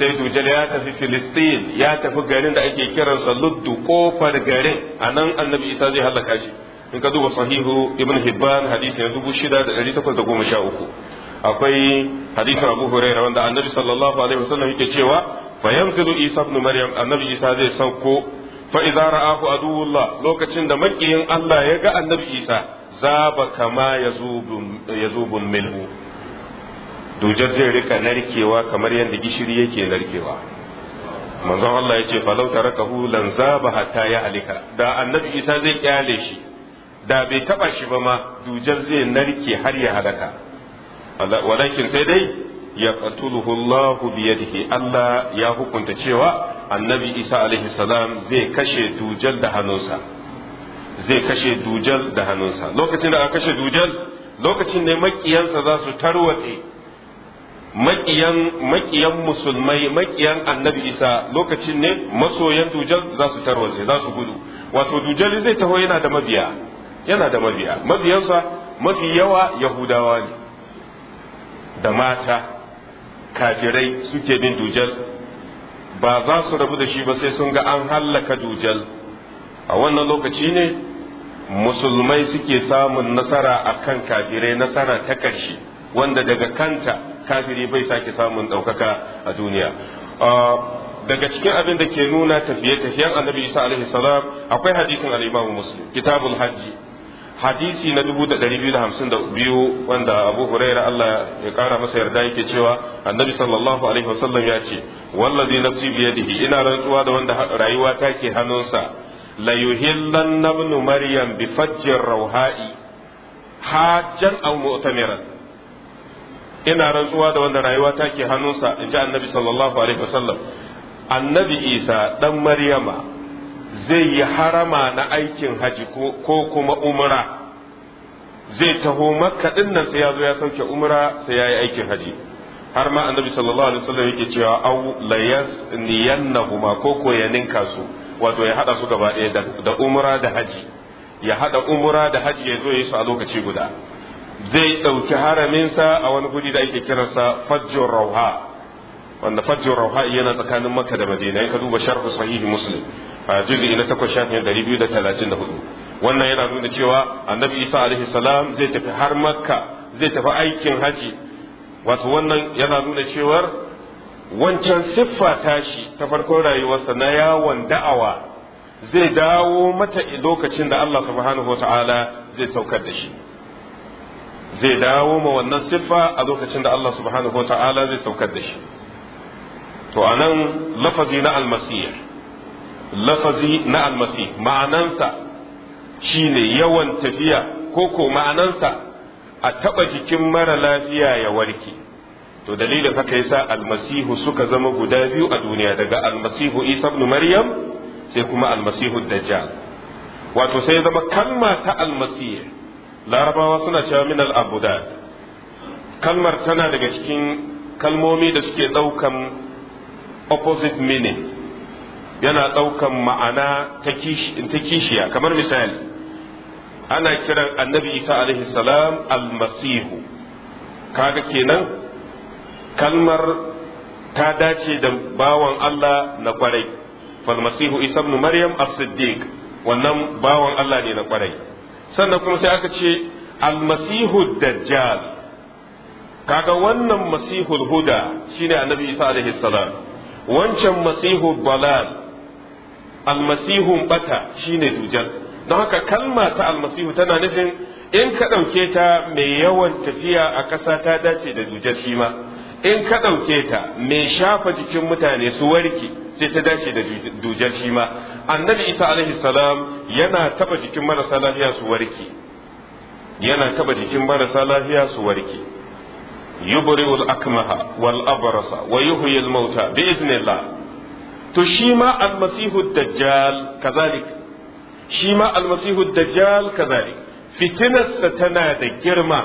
sai dujal ya tafi filistin ya tafi garin da ake kiransa luddu kofar garin a nan annabi isa zai halaka shi in ka duba sahihu ibn hibban hadisi na dubu shida da ɗari takwas da goma sha uku akwai hadisin abu huraira wanda annabi sallallahu alaihi wasallam yake cewa fa yanzilu isa ibn maryam annabi isa zai sauko fa idza ra'ahu aduwullah lokacin da makiyin Allah ya ga annabi Isa zaba kama yazubun yazubun milhu dujar zai rika narkewa kamar yadda gishiri yake narkewa manzon Allah ya ce law tarakahu lan zaba hatta ya alika. da annabi Isa zai kyale shi da bai taba shi ba ma dujar zai narke har ya halaka walakin sai dai ya qatuluhu Allah biyadihi Allah ya hukunta cewa annabi isa alaihi salam zai kashe dujal da hannunsa zai kashe dujal da hannunsa lokacin da aka kashe dujal lokacin ne makiyansa za su tarwate makiyan makiyan musulmai makiyan annabi isa lokacin ne masoyan dujal za su tarwatse za su gudu wato dujal zai taho yana da mabiya yana da mabiya mabiyansa mafi yawa yahudawa ne da mata kafirai suke bin dujal ba za su rabu da shi ba sai sun ga an hallaka dujal a wannan lokaci ne musulmai suke samun nasara a kan kafirai nasara ta ƙarshe wanda daga kanta kafiri bai sake samun ɗaukaka a duniya daga cikin abin da ke nuna tafiye-tafiyen annabi isa alaihi salam akwai hadisin al muslim kitabul hajji hadisi na 2252 wanda abu huraira Allah ya kara masa yarda yake cewa annabi sallallahu alaihi wasallam ya ce wallazi nafsi biyadihi ina rantsuwa da wanda rayuwa ta ke hannunsa la yuhillan nabnu maryam bi fajjir rauha'i hajjan aw mu'tamiran ina rantsuwa da wanda rayuwa ta ke hannunsa inji annabi sallallahu alaihi wasallam annabi isa dan maryama zai yi harama na aikin haji ko kuma umra zai taho makka dinnan nan sai ya zo ya sauke umra sai ya yi aikin haji har ma annabi sallallahu alaihi wasallam yake cewa au layas niyannahuma ko ko ya ninka su wato ya hada su gaba ɗaya da umra da haji ya hada umra da haji ya zo ya su a lokaci guda zai ɗauki haraminsa a wani guri da ake kiransa fajjur rauha wanda fajjur rauha yana tsakanin makka da madina in ka duba sharhu sahihi muslim a juz'i na takwas shafin dari biyu da talatin da hudu wannan yana nuna cewa annabi isa alaihi salam zai tafi har makka zai tafi aikin haji wato wannan yana nuna cewar wancan siffa tashi ta farkon rayuwarsa na yawon da'awa zai dawo mata lokacin da Allah subhanahu wa ta'ala zai saukar da shi zai dawo ma wannan siffa a lokacin da Allah subhanahu wa ta'ala zai saukar da shi to anan lafazi na almasiyar lafazi na almasi ma'anansa shine yawan tafiya ko ko ma'anansa a taɓa jikin mara lafiya ya warke to dalilin haka yasa almasihu suka zama guda biyu a duniya daga almasihu isa ibn maryam sai kuma almasihu dajjal wato sai zama kalma ta almasih larabawa suna cewa min al'abuda kalmar tana daga cikin kalmomi da suke ɗaukan opposite meaning yana ɗaukan ma'ana ta kishiya kamar misali ana kiran annabi isa alaihi salam almasihu kaga kenan kalmar ta dace da bawan Allah na kwarai falmasihu isa ibn maryam as-siddiq wannan bawan Allah ne na kwarai sannan kuma sai aka ce almasihu dajjal kaga wannan masihul huda shine annabi isa alaihi salam wancan masihu balal almasihun bata shine dujan, don haka kalma ta almasihu tana nufin in ka ɗauke ta mai yawan tafiya a ƙasa ta dace da dujar shi ma in ka ɗauke ta mai shafa jikin mutane su warke sai ta dace da dujar shi ma annabi isa alaihi salam yana taba jikin marasa lafiya su warke yana taba jikin marasa lafiya su warke yubri'ul akmaha wal abrasa wa al mauta bi iznillah to shi ma almasihu dajjal kazalik shi ma almasihu dajjal kazalik fitinarsa tana da girma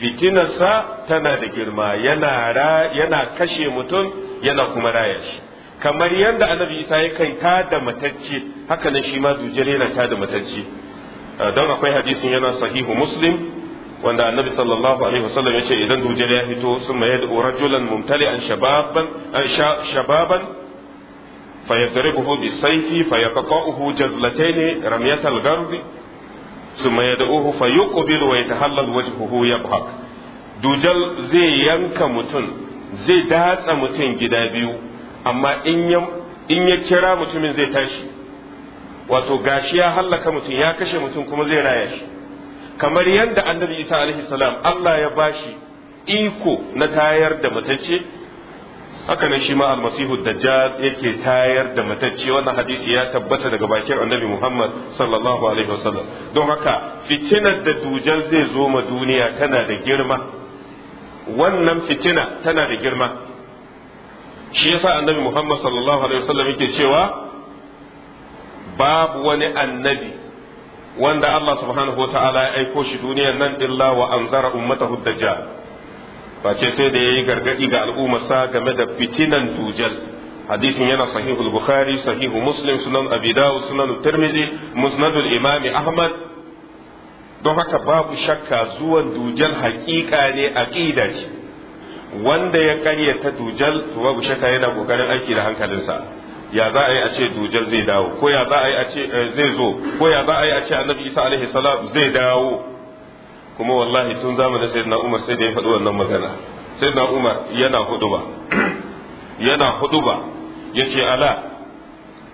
fitinarsa tana da girma yana ra yana kashe mutum yana kuma raya shi kamar yadda annabi isa ya kai ta da matacce haka nan shi ma dujjal yana ta da matacce ah, don akwai hadisin yana sahihu muslim wanda annabi sallallahu alaihi wasallam ya ce idan dujjal ya fito sun mayar da rajulan mumtali an shababan ah, shababan fa yadribuhu bi sayfi fa yaqta'uhu jazlatayn ramyat al-garb ثم يدعوه فيقبل ويتهلل وجهه يضحك dujal zai yanka mutum zai datsa mutum gida biyu amma in ya kira mutumin zai tashi wato gashi ya hallaka mutum ya kashe mutum kuma zai raya shi kamar yadda annabi isa alaihi salam Allah ya bashi iko na tayar da matacce haka nan shi ma almasihu dajjal yake tayar da matacce wannan hadisi ya tabbata daga bakin annabi muhammad sallallahu alaihi wasallam don haka fitinar da dujal zai zo ma duniya tana da girma wannan fitina tana da girma shi yasa annabi muhammad sallallahu alaihi wasallam yake cewa babu wani annabi wanda allah subhanahu wa ta'ala ya aiko shi duniyar nan illa wa anzara ummatahu dajjal face sai da ya yi gargaɗi ga al'ummarsa game da fitinan dujal hadisin yana sahihul bukhari sahihu muslim sunan abi dawud sunan tirmidhi musnadul imami ahmad don haka babu shakka zuwan dujal haƙiƙa ne aqida ce wanda ya ƙaryata dujal to babu shakka yana kokarin aiki da hankalinsa ya za a yi a ce dujal zai dawo ko ya za a yi a ce eh, zai zo ko ya za a yi a ce annabi isa alaihi salam zai dawo kuma wallahi tun zamanin na Umar sai da ya faɗi wannan magana Sai na Umar yana huduba yana huduba yace ala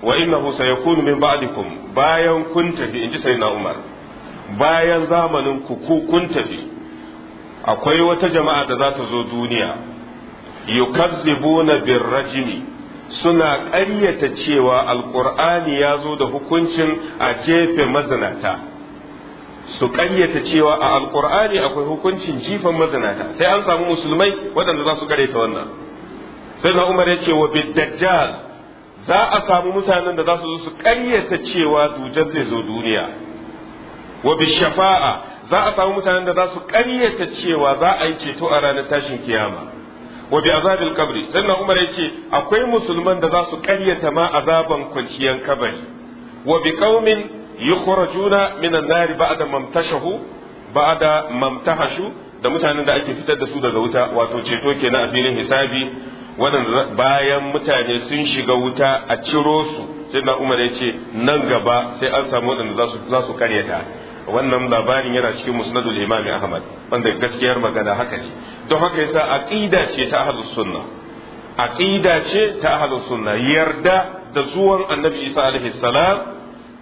wa innahu sayakunu min ba'dikum bayan kun tafi inji na Umar bayan zamanin ku ku kun tafi akwai wata jama'a da za ta zo duniya yukazzibuna birrajimi suna ƙaryata cewa alƙur'ani ya zo da hukuncin a jefe mazinata su karyata cewa a alƙur'ani akwai hukuncin jifan mazinata sai an samu musulmai waɗanda za su ta wannan sai na umar ya ce wa dajjal za a samu mutanen da za su zo su ƙaryata cewa dujjal zai zo duniya wa shafa'a za a samu mutanen da za su ƙaryata cewa za a yi ceto a ranar tashin kiyama wa bi azabil kabri sai na umar ya ce akwai musulman da za su ƙaryata ma azaban kwanciyar kabari wa bi yukhrajuna minan nari ba'da mamtashahu ba'da mamtahashu da mutanen da ake fitar da su daga wuta wato ceto kenan a filin hisabi waɗanda bayan mutane sun shiga wuta a ciro su sai na umar ya ce nan gaba sai an samu waɗanda za su karyata wannan labarin yana cikin musnadul imam ahmad wanda gaskiyar magana haka ne don haka yasa aqida ce ta ahlus sunna aqida ce ta ahlus sunna yarda da zuwan annabi isa alaihi salam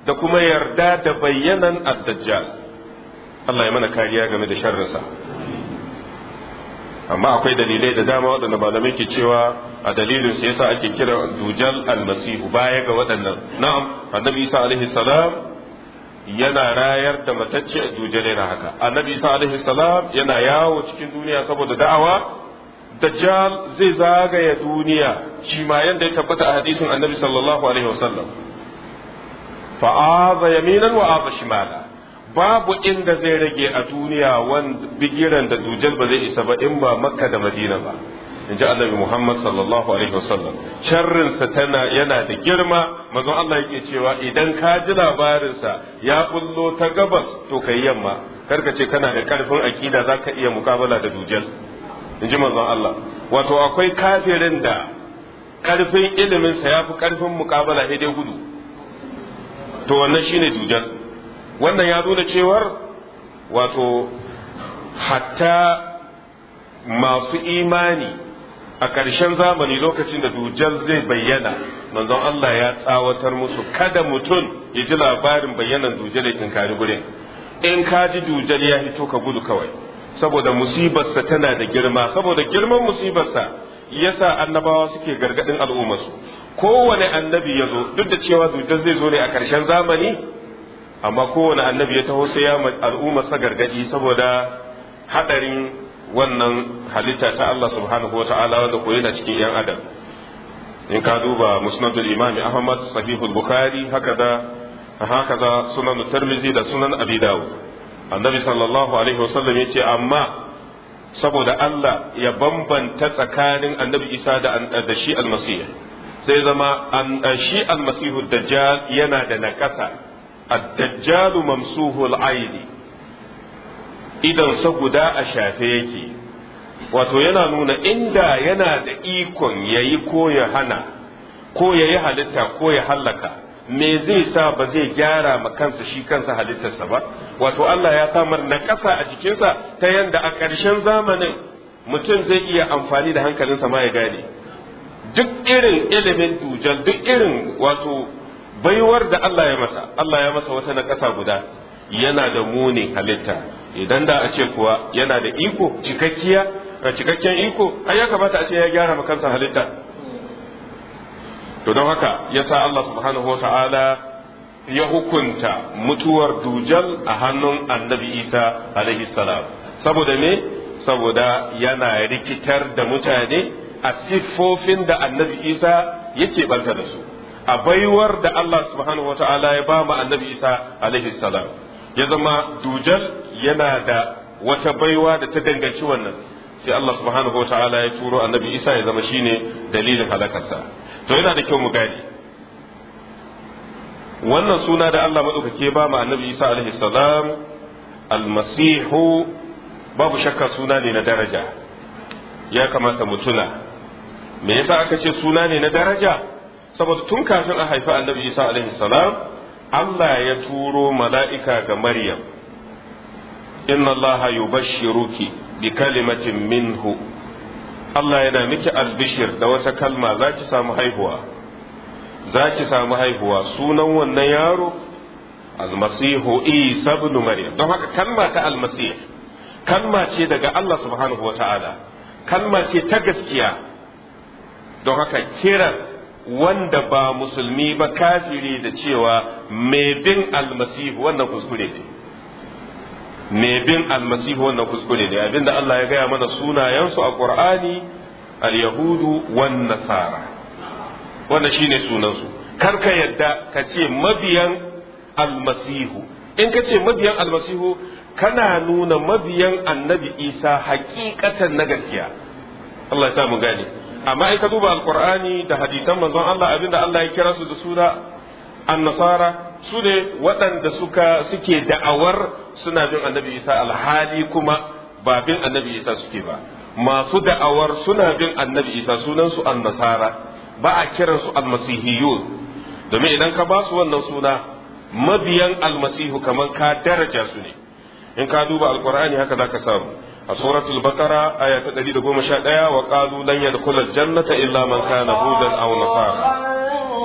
da kuma yarda da bayyanan addajjal Allah ya mana kariya game da sharrinsa amma akwai dalilai da dama waɗanda malamai ke cewa a dalilin su yasa ake kira dujal almasihu baya ga waɗannan na'am annabi isa alaihi salam yana rayar da matacce a dujal yana haka annabi isa alaihi salam yana yawo cikin duniya saboda da'awa dajjal zai zagaya duniya shi ma yanda ya tabbata a hadisin annabi sallallahu alaihi wasallam fa aza yaminan wa aza shimala babu inda zai rage a duniya wanda bigiran da dujal ba zai isa ba in ba makka da madina ba in ji annabi muhammad sallallahu alaihi wasallam sharrinsa tana yana da girma mazan allah yake cewa idan ka ji labarinsa ya bullo ta gabas to ka yi yamma karka ce kana da karfin akida za ka iya mukabala da dujal in ji mazan allah wato akwai kafirin da karfin iliminsa ya fi karfin mukabala sai dai gudu to wannan shine dujal wannan ya nuna cewar wato hatta masu imani a ƙarshen zamani lokacin da dujal zai bayyana manzon Allah ya tsawatar musu kada mutum ya ji labarin bayyanan dujal ya tinkari gurin in ka ji dujal ya hito ka gudu kawai saboda musibarsa tana da girma saboda girman musibarsa yasa annabawa suke gargadin al'ummarsu kowane annabi ya zo duk da cewa zutar zai zo ne a ƙarshen zamani amma kowane annabi ya taho sai ya al'ummarsa gargadi saboda hadarin wannan halitta ta Allah subhanahu wa ta'ala wanda koyi na cikin yan adam in ka duba musnadul imam ahmad sahihul bukhari haka da haka da sunan tirmidhi da sunan abi dawud annabi sallallahu alaihi wasallam yace amma saboda Allah ya bambanta tsakanin annabi isa da shi almasihu sai zama eh, shi almasihu dajjal yana da nakasa ad-dajjalu mamsuhul aini idan sa guda a shafe yake wato yana nuna inda yana da ikon yayi ko ya hana ko yayi halitta ko ya hallaka me zai sa ba zai gyara ma kansa shi kansa halittarsa ba wato Allah ya samar na ƙasa a jikinsa ta yanda a ƙarshen zamanin mutum zai iya amfani da hankalinsa ma ya gane duk irin ilimin dujal duk irin wato baiwar da Allah ya masa Allah ya masa wata na ƙasa guda yana da munin halitta idan da a ce kuwa yana da iko cikakkiya cikakken iko ai ya kamata a ce ya gyara ma kansa halitta to don haka sa Allah subhanahu ta'ala ya hukunta mutuwar dujal a hannun annabi Isa alaihi salam saboda ne saboda yana rikitar da mutane a siffofin da annabi Isa yake banta da su a baiwar da Allah subhanahu ta'ala ya ba annabi Isa alaihi salam ya zama dujal yana da wata baiwa da ta danganci wannan sai Allah subhanahu ta'ala ya turo annabi Isa ya zama shine dalilin halakarsa to yana da kyau mu gane wannan suna da Allah madaukake ba ma annabi Isa alaihi salam almasihu babu shakka suna ne na daraja ya kamata mu tuna me yasa aka ce suna ne na daraja saboda tun kafin a haifi annabi Isa alaihi salam Allah ya turo mala'ika ga Maryam inna Allah yubashshiruki bi kalimatin minhu Allah yana miki albishir da wata kalma za ki samu haihuwa za ki samu haihuwa sunan wannan yaro almasihu isa ibn maryam don haka kalma ta almasih kalma ce daga Allah subhanahu wata'ala kalma ce ta gaskiya don haka kiran wanda ba musulmi ba kafiri da cewa mai bin almasihu wannan kuskure ne mai bin almasihu wannan kuskure ne abinda Allah ya gaya mana sunayensu a Qur'ani al-yahudu wan nasara wannan shine sunansu kar ka yadda ka ce mabiyan almasihu in ka ce mabiyan almasihu kana nuna mabiyan annabi Isa hakikatan na gaskiya Allah ya sa mu gane amma in ka duba alqur'ani da hadisan manzon Allah abinda Allah ya kira su da suna annasara su ne waɗanda suka suke da'awar suna bin annabi isa alhali kuma ba bin annabi isa suke ba masu da'awar suna bin annabi isa sunansu annasara ba a kiransu almasihiyun domin idan ka ba su wannan suna mabiyan almasihu kamar ka daraja su ne in ka duba alkur'ani haka za ka samu سورة البقرة آية قوم لقوم شاديا وقالوا لن يدخل الجنة إلا من كان هودا أو نصارى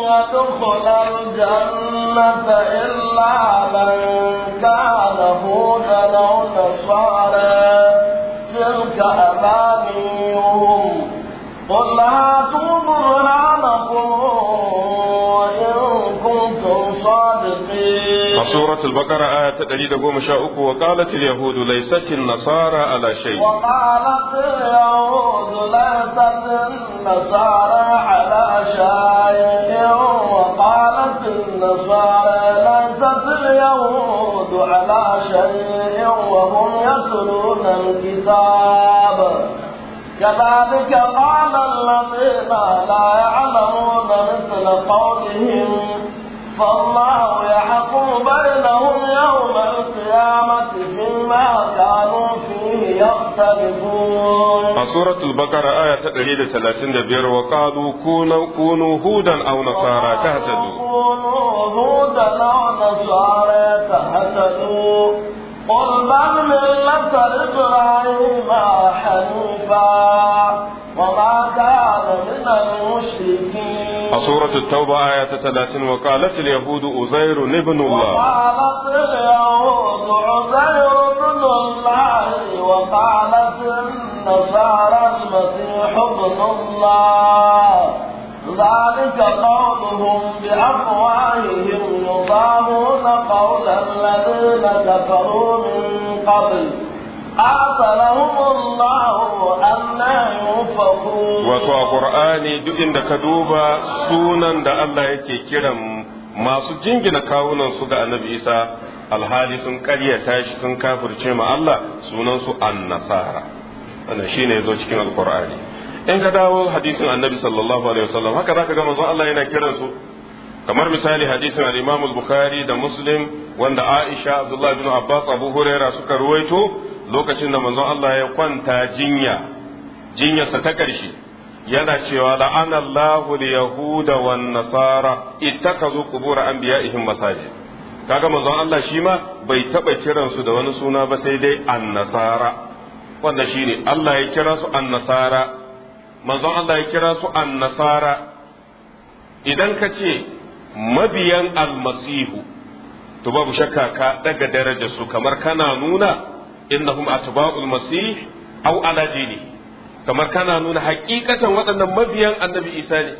يدخل الجنة إلا من كان هودا أو نصارى تلك أمانيهم قل لا تضرنكم سورة البقرة آية تدريد قوم شاوك وقالت اليهود ليست النصارى على شيء وقالت اليهود ليست النصارى على شيء وقالت النصارى ليست اليهود على شيء وهم يسرون الكتاب كذلك قال الذين لا يعلمون مثل قولهم فالله يحكم بينهم يوم القيامة فيما كانوا فيه يختلفون سورة البقرة آية تقريد سلاسين دبير وقالوا كونوا كونوا هودا أو نصارى تهتدوا كونوا هودا أو نصارى تهتدوا قل بل ملة إبراهيم حنيفا وما كان من المشركين سورة التوبة آية 30 وقالت اليهود أزير ابن الله وقالت اليهود أزير ابن الله وقالت النصارى المسيح ابن الله ذلك قولهم بأفواههم يضاهون قول الذين كفروا من قبل wato a ƙur'ani duk inda ka duba sunan da Allah yake kiran masu jingina kawunan su ga annabi isa alhali sun karyata tashi, sun kafirce ma Allah sunan su annasara wannan shine yazo cikin alqur'ani in ka dawo hadisin annabi sallallahu alaihi wasallam haka zaka ga manzon Allah yana kiran su kamar misali hadisin al-Imam al-Bukhari da Muslim wanda Aisha Abdullah bin Abbas Abu Huraira suka ruwaito lokacin da manzon Allah ya kwanta jinya jinyarsa ta ƙarshe yana cewa la'anallahu li yahuda wan nasara ittakazu qubur anbiya'ihim masajid kaga manzon Allah shi ma bai taba kiran su da wani suna ba sai dai an-nasara wanda shine Allah ya kira su an-nasara manzon Allah ya kira su an-nasara idan ka ce mabiyan almasihu to babu shakka ka daga darajar su kamar kana nuna innahum atba'ul masih aw ala dini kamar kana nuna hakikatan waɗannan mabiyan annabi isa ne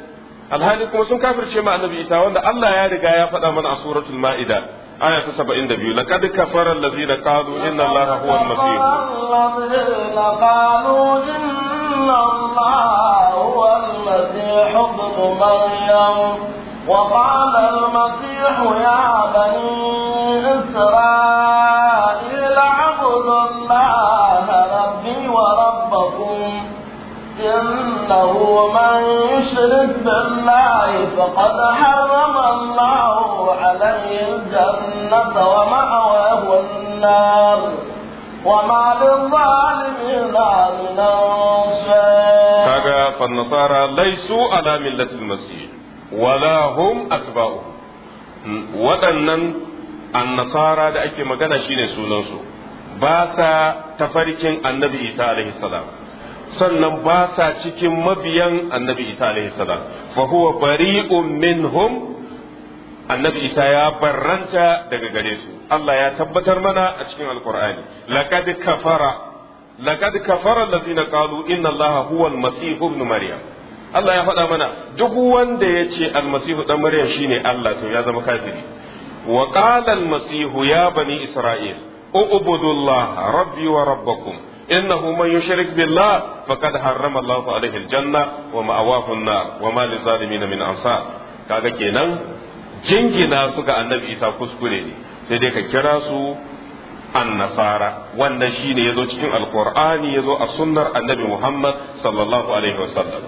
alhali kuma sun kafirce ma annabi isa wanda Allah ya riga ya faɗa mana a suratul ma'ida aya ta 72 laqad kafara allazina qalu inna allaha huwa al-masih inna allaha huwa al وقال المسيح يا بني إسرائيل إنه من يشرك بالله فقد حرم الله عليه الجنة ومأواه النار وما للظالمين من أنصار كاغا فالنصارى ليسوا على ملة المسيح ولا هم أتباعه waɗannan annasara da ake magana shine sunansu ba sa tafarkin annabi isa alaihi salam sannan ba sa cikin mabiyan annabi isa alaihi salam fa huwa bari'un minhum annabi isa ya barranta daga gare su Allah ya tabbatar mana a cikin alqur'ani laqad kafara laqad kafara allazina qalu inna allaha huwa almasih ibn maryam Allah ya faɗa mana duk wanda ya ce almasihu dan maryam shine Allah to ya zama kafiri wa qala ya bani isra'il ubudullaha rabbi wa rabbakum innahu man yushrik billah faqad harrama Allahu alaihi aljanna wa ma'awahu an-nar wa ma min kaga kenan jingina su ga annabi Isa kuskure ne sai dai ka kira su annasara wannan shine yazo cikin alqur'ani yazo a sunnar annabi Muhammad sallallahu alaihi wasallam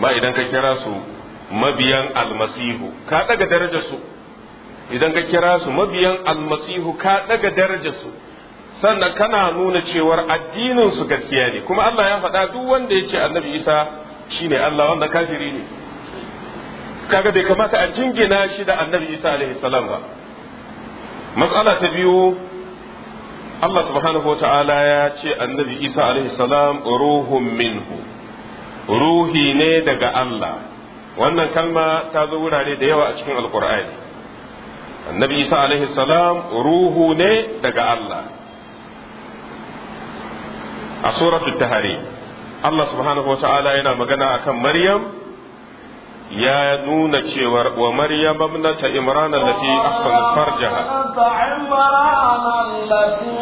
amma idan ka kira su mabiyan almasihu ka daga darajar su idan ka kira su mabiyan almasihu ka daga darajar su sannan kana nuna cewar addininsu gaskiya ne kuma Allah ya faɗa duk wanda ya ce annabi Isa shi ne Allah wanda kafiri ne kaga bai kamata a jingina shi da annabi Isa alaihi salam ba matsala ta biyu Allah subhanahu wa ta'ala ya ce annabi Isa alaihi salam ruhun minhu ruhi ne daga Allah wannan kalma ta zo wurare da yawa a cikin alkur'ani annabi isa alaihi salam ruhu ne daga Allah a suratul tahari Allah subhanahu wa ta'ala yana magana akan Maryam ya nuna cewar wa Maryam ibnata Imran allati ahsanat farjaha Imran allati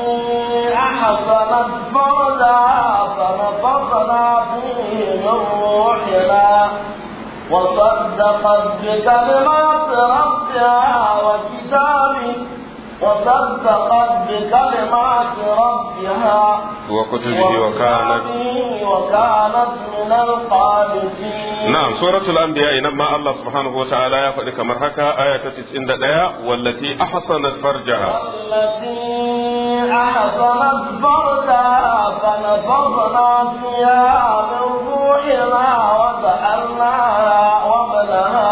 ahsanat farjaha farafaqna fihi min ruhina وصدقت بكلمات ربها وكتابه وصدقت بكلمات ربها وكتبه وكانت وكانت من القانتين نعم سورة الأنبياء نما الله سبحانه وتعالى يفعل كما مرحكا آية 91 والتي أحصنت فرجها والتي أحصنت فرجها فنفضنا فيها من روحنا وسألنا وابنها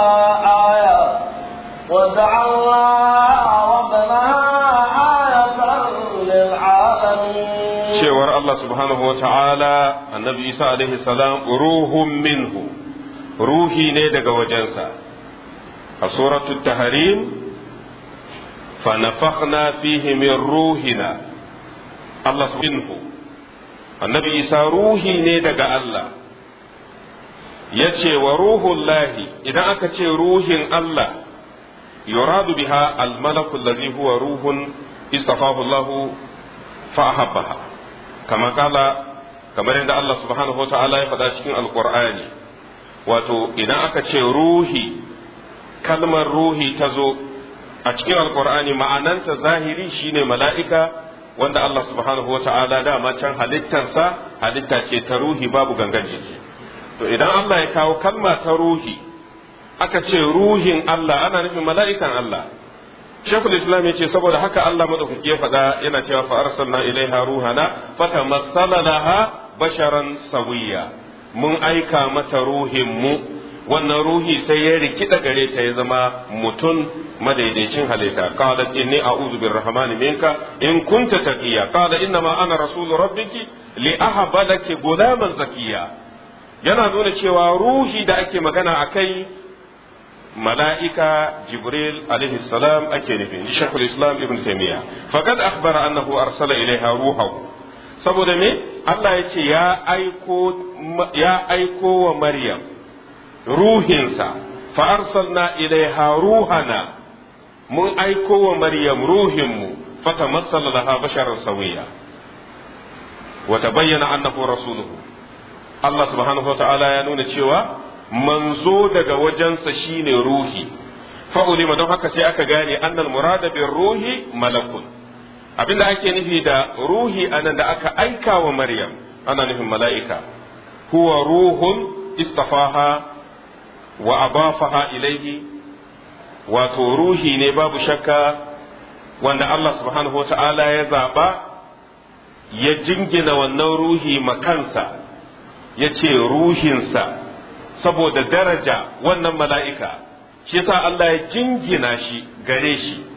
ta'ala annabi isa alaihi salam ruhun minhu ruhi ne daga wajensa a suratul taharim fa nafakhna fihi min ruhina Allah minhu annabi isa ruhi ne daga Allah ya ce wa ruhun lahi idan aka ce ruhin Allah yuradu biha almalaku, lazi huwa ruhun istafahu lahu fa ahabbaha kama kamar yadda Allah subhanahu wa ta'ala ya faɗa cikin alkur'ani wato idan aka ce ruhi kalmar ruhi ta zo a cikin alkur'ani ma'ananta zahiri shine mala'ika wanda Allah subhanahu wa ta'ala dama can halittarsa halitta ce ta ruhi babu gangan jiki to idan Allah ya kawo kalma ta ruhi aka ce ruhin Allah ana nufin mala'ikan Allah shekul islam ya ce saboda haka Allah ya faɗa yana cewa fa arsalna ilaiha ruhana fa tamassala laha basharan sawiya mun aika mata ruhinmu wannan ruhi sai ya rikida gare ta ya zama mutum madaidaicin halitta qala inni a'udhu birrahmani minka in kunta taqiya qala inna ma ana rasul rabbiki li ahaba laki gulaman zakiya yana nuna cewa ruhi da ake magana akai ملائكة جبريل عليه السلام أكيد في شيخ الإسلام ابن تيمية فقد أخبر annahu arsala إليها روحه saboda me Allah ya ce ya aiko wa Maryam ruhinsa fa idai ha ruhana mun aiko wa Maryam ruhinmu fata masala laha basharar sawiya wa bayyana annahu rasuluhu Allah subhanahu wa ta'ala ya nuna cewa manzo daga wajensa shine ruhi fa don haka sai aka gane annal murada bir ruhi malakun abinda ake nufi da ruhi anan da aka aika wa maryam ana nufin mala'ika huwa ruhun istafaha wa abafaha ilaihi wato ruhi ne babu shakka wanda Allah subhanahu wa ta'ala ya zaɓa ya jingina wannan ruhi makansa ya ce ruhinsa saboda daraja wannan mala'ika shi sa Allah ya jingina shi gare shi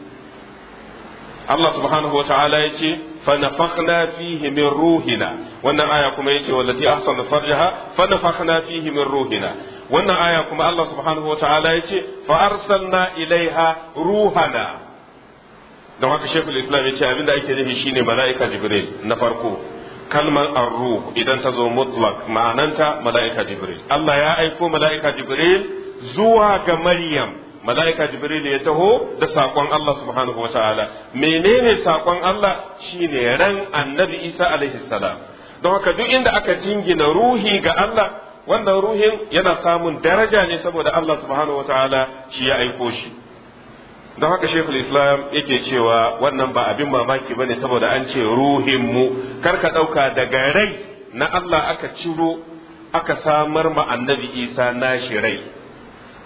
Allah subhanahu wa ta'ala ya ce fa nafakhna fihi min ruhina wannan aya kuma yace wallati ahsana farjaha fa nafakhna fihi min ruhina wannan aya kuma Allah subhanahu wa ta'ala yace fa arsalna ilaiha ruhana don haka shekul islam yace abinda ake nufi shine mala'ika jibril na farko kalmar ar-ruh idan ta zo mutlak ma'ananta mala'ika jibril Allah ya aiko mala'ika jibril zuwa ga maryam mala'ika jibril ya taho da sakon Allah subhanahu wata'ala menene sakon Allah shine ran annabi Isa alaihi salam don haka duk inda aka jingina ruhi ga Allah wannan ruhin yana samun daraja ne saboda Allah subhanahu wata'ala shi ya aiko shi don haka shekul islam yake cewa wannan ba abin mamaki bane saboda an ce ruhinmu kar ka ɗauka daga rai na Allah aka ciro aka samar ma annabi Isa na shi rai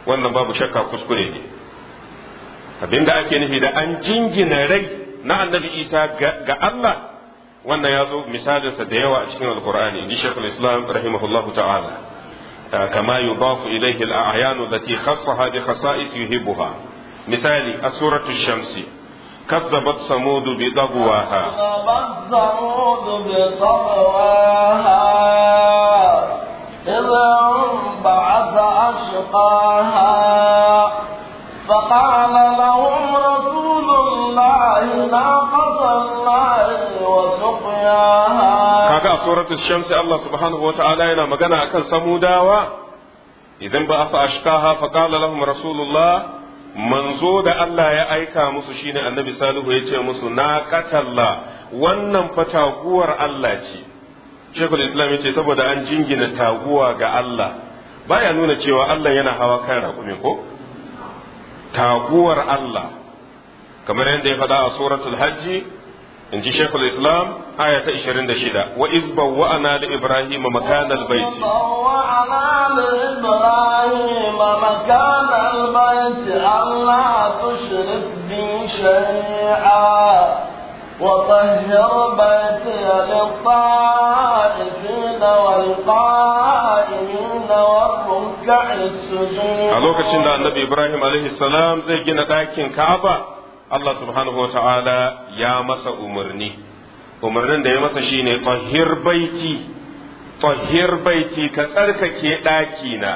wannan babu shakka kuskure ne abinda ake nufi da an jingina rai na annabi isa ga Allah wannan ya zo misalinsa da yawa a cikin alkur'ani inji shekul islam rahimahullahu ta'ala kama yudafu ilayhi al-a'yan allati khassaha bi khasa'is yuhibbuha misali as-suratu shamsi كذبت ثمود بطغواها كذبت ثمود بطغواها إذا بعث أشقاها فقال لهم رسول الله ناقة الله وسقياها كاكا سورة الشمس الله سبحانه وتعالى ينا مغانا أكل سموداوا إذن بعث أشقاها فقال لهم رسول الله manzo da Allah ya aika musu shine annabi salihu ya ce musu na katalla wannan fa taguwar Allah ce shekul islam ya ce saboda an jingina taguwa ga Allah baya nuna cewa Allah yana hawa kan raƙumi ko taguwar Allah kamar yadda ya faɗa a suratul hajji in ji shekul islam aya ta 26 wa iz bawwa'ana li ibrahima makanal baiti وطهر بيتي للطائفين a lokacin da annabi ibrahim alaihi salam zai gina ɗakin ka'aba allah subhanahu wa ta'ala ya masa umarni umarnin da ya masa shine tahir baiti tahir baiti ka tsarkake ɗakina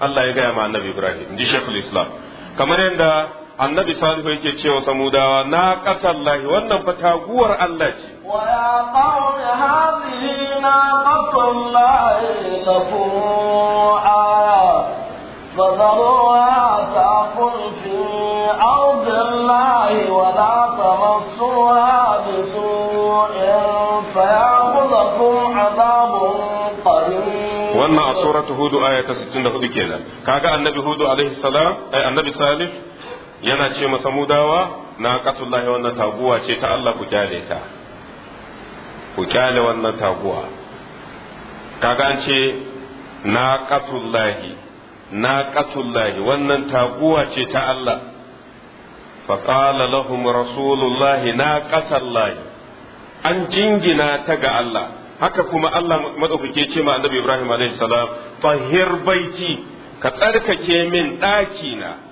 allah ya gaya ma annabi ibrahim ji islam kamar yadda annabi salihu yake cewa samudawa na qasallahi wannan fa taguwar Allah ce wa ya qawmi hadhihi na qatullahi lakum aya فذروها تأكل في أرض الله ولا تمسوها بسوء فيأخذكم عذاب قريب wannan a suratu hudu aya ta 64 kenan kaga annabi hudu alaihi salam ai annabi salih yana ce masa mudawa na kasullahi wannan taguwa ce ta Allah ku kyale ta ku kyale wannan taguwa kaga an ce na kasullahi na kasullahi wannan taguwa ce ta Allah فقال لهم رسول الله ناقة an jingina ta ga Allah haka kuma Allah madaukake ce ma Annabi Ibrahim alaihi salam tahhir baiti ka tsarkake min ɗakina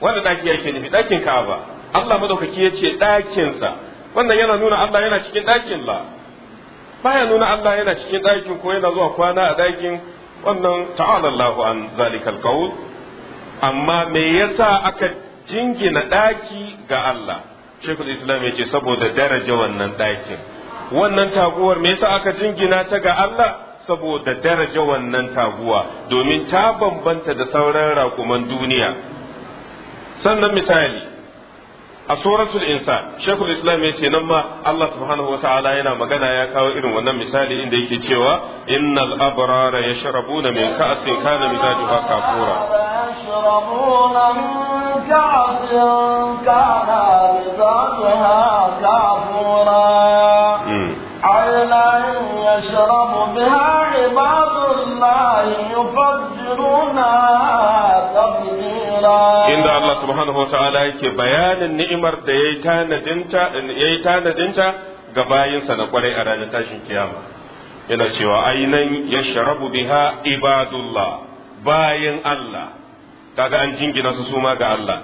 wanda daki yake nufi dakin Ka'aba Allah madaukaki yace dakin sa wannan yana nuna Allah yana cikin dakin la baya nuna Allah yana cikin dakin ko yana zuwa kwana a dakin wannan ta'ala Allah an zalikal qaul amma me yasa aka jingina daki ga Allah Shekul Islam yace saboda daraja wannan dakin wannan taguwar me yasa aka jingina ta ga Allah saboda daraja wannan taguwa domin ta bambanta da sauran rakuman duniya sannan misali a suratul Insa, shekul islam ya ce nan ma Allah subhanahu wata'ala yana magana ya kawo irin wannan misali inda yake cewa innal abrara yashrabuna min ka'sin kana mizajuha kafura yashrabuna min ka'sin kana mizajuha kafura عينا يشرب بها عباد الله inda Allah subhanahu ta'ala yake bayanin ni'imar da yayi tanadinta yayi tanadinta ga bayinsa na kwarai a ranar tashin kiyama yana cewa ya yashrabu biha ibadullah bayin Allah kaga an jingina su suma ga Allah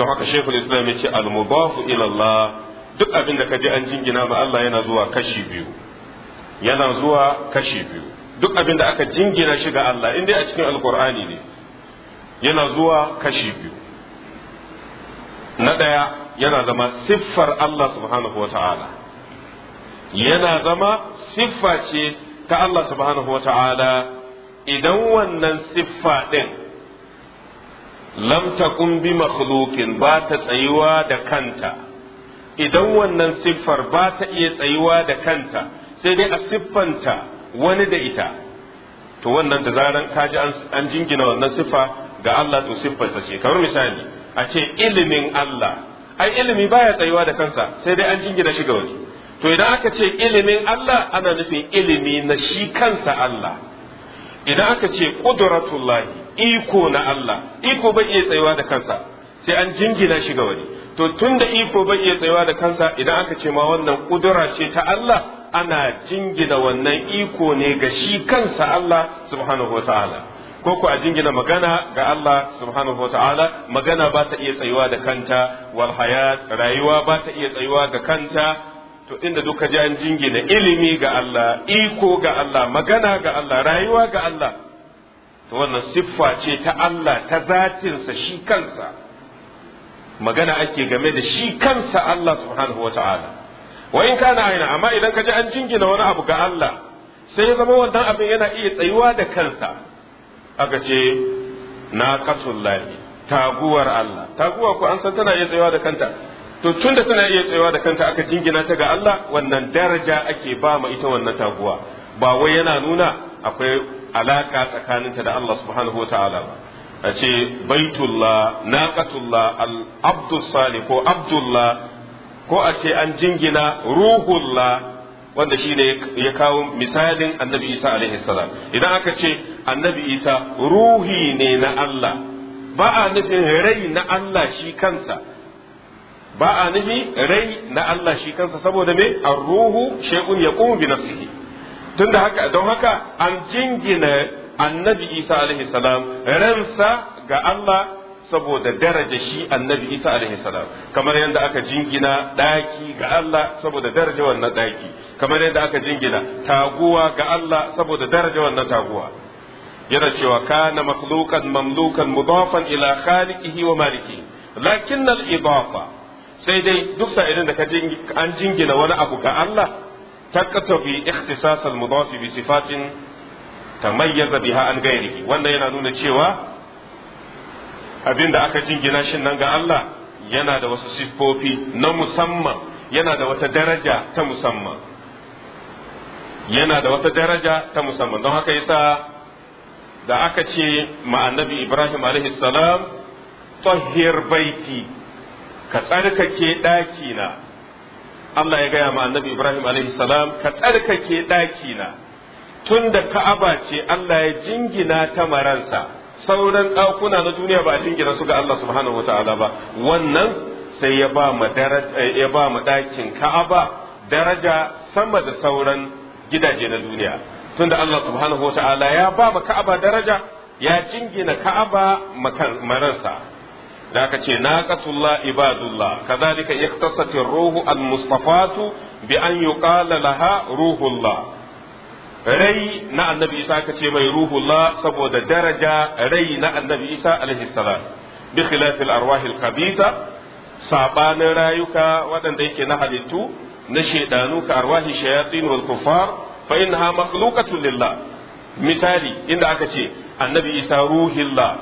don haka shekul islam ya ce almudafu ila Allah duk abin da kaji an jingina ma Allah yana zuwa kashi biyu yana zuwa kashi biyu duk abin da aka jingina shi ga Allah in dai a cikin alkur'ani ne yana zuwa kashi biyu na ɗaya yana zama siffar Allah subhanahu wata'ala yana zama siffa ce ta Allah subhanahu wata'ala idan wannan siffa ɗin lamta takun bi makhluqin ba ta tsayuwa da kanta idan wannan siffar ba ta iya tsayuwa da kanta sai dai a siffanta wani da ita to wannan da zaran kaji an jingina wannan siffa ga Allah to siffarsa ce kamar misali a ce ilimin Allah ai ilimi baya tsayuwa da kansa sai dai an jingina shi ga wani to idan aka ce ilimin Allah ana nufin ilimi na shi kansa Allah idan aka ce qudratullahi iko na Allah iko bai iya tsayuwa da kansa sai an jingina shi ga wani to tunda iko bai iya tsayuwa da kansa idan aka ce ma wannan kudura ce ta Allah ana jingina wannan iko ne ga shi kansa Allah subhanahu wa ta'ala ko ku a jingina magana ga Allah subhanahu wa ta'ala magana ba ta iya tsayuwa da kanta wal hayat rayuwa ba ta iya tsayuwa ga kanta to inda duka ji an jingina ilimi ga Allah iko ga Allah magana ga Allah rayuwa ga Allah to wannan siffa ce ta Allah ta zatinsa shi kansa magana ake game da shi kansa Allah subhanahu wa ta'ala wa in kana aina amma idan ka ji an jingina wani abu ga Allah sai ya zama wannan abin yana iya tsayuwa da kansa aka ce na taguwar Allah taguwa ko an san tana iya tsayawa da kanta to tun da tana iya tsayawa da kanta aka jingina ta ga Allah wannan daraja ake ba ma ita wannan taguwa ba wai yana nuna akwai alaka tsakaninta da Allah subhanahu wataala ba a ce baitullah naqatullah al abdus salih ko abdullah ko a ce an jingina ruhullah wanda shi ne ya kawo misalin annabi isa alaihi salam idan aka ce annabi isa ruhi ne na Allah ba a nufin rai na Allah shi kansa ba a nufi rai na Allah shi kansa saboda me an ruhu shay'un na bi nafsihi da haka don haka an jingina annabi Isa alaihi salam ransa ga Allah saboda daraja shi annabi isa alaihi salam kamar yadda aka jingina daki ga Allah saboda daraja wannan daki kamar yadda aka jingina taguwa ga Allah saboda daraja wannan taguwa yana cewa kana makhluqan mamlukan mudafan ila khaliqihi wa maliki lakin al idafa sai dai duk sa'idan da ka an jingina wani abu ga Allah takatabi ikhtisas al mudafi bi sifatin tamayyaza biha an ghairihi wanda yana nuna cewa abin da aka jingina shin nan ga Allah yana da wasu siffofi na musamman yana da wata daraja ta musamman yana da wata daraja ta musamman don haka yasa da aka ce ma annabi Ibrahim alaihi salam tahir baiti ka tsarkake ɗakina Allah ya gaya ma annabi Ibrahim alaihi salam ka tsarkake ɗakina tun da ka'aba ce Allah ya jingina ta maransa sauran ɗakuna na duniya ba a su ga Allah subhanahu wa ta'ala ba wannan sai ya ba mu eh, ya ba mu ɗakin Ka'aba daraja sama da sauran gidaje na duniya tunda Allah subhanahu wa ta'ala ya ba mu Ka'aba daraja ya cingina Ka'aba maransa da aka ce naqatullah ibadullah kadhalika yaktasati ruhu al-mustafatu bi an yuqala laha ruhullah rai na annabi isa ka ce mai ruhullah saboda daraja rai na annabi isa alaihi salam bi khilafil arwahil khabisa sabanin rayuka waɗanda yake na halittu na shaidanu ka arwahi shayatin wal kuffar fa innaha makhluqatun lillah misali inda aka ce annabi isa ruhillah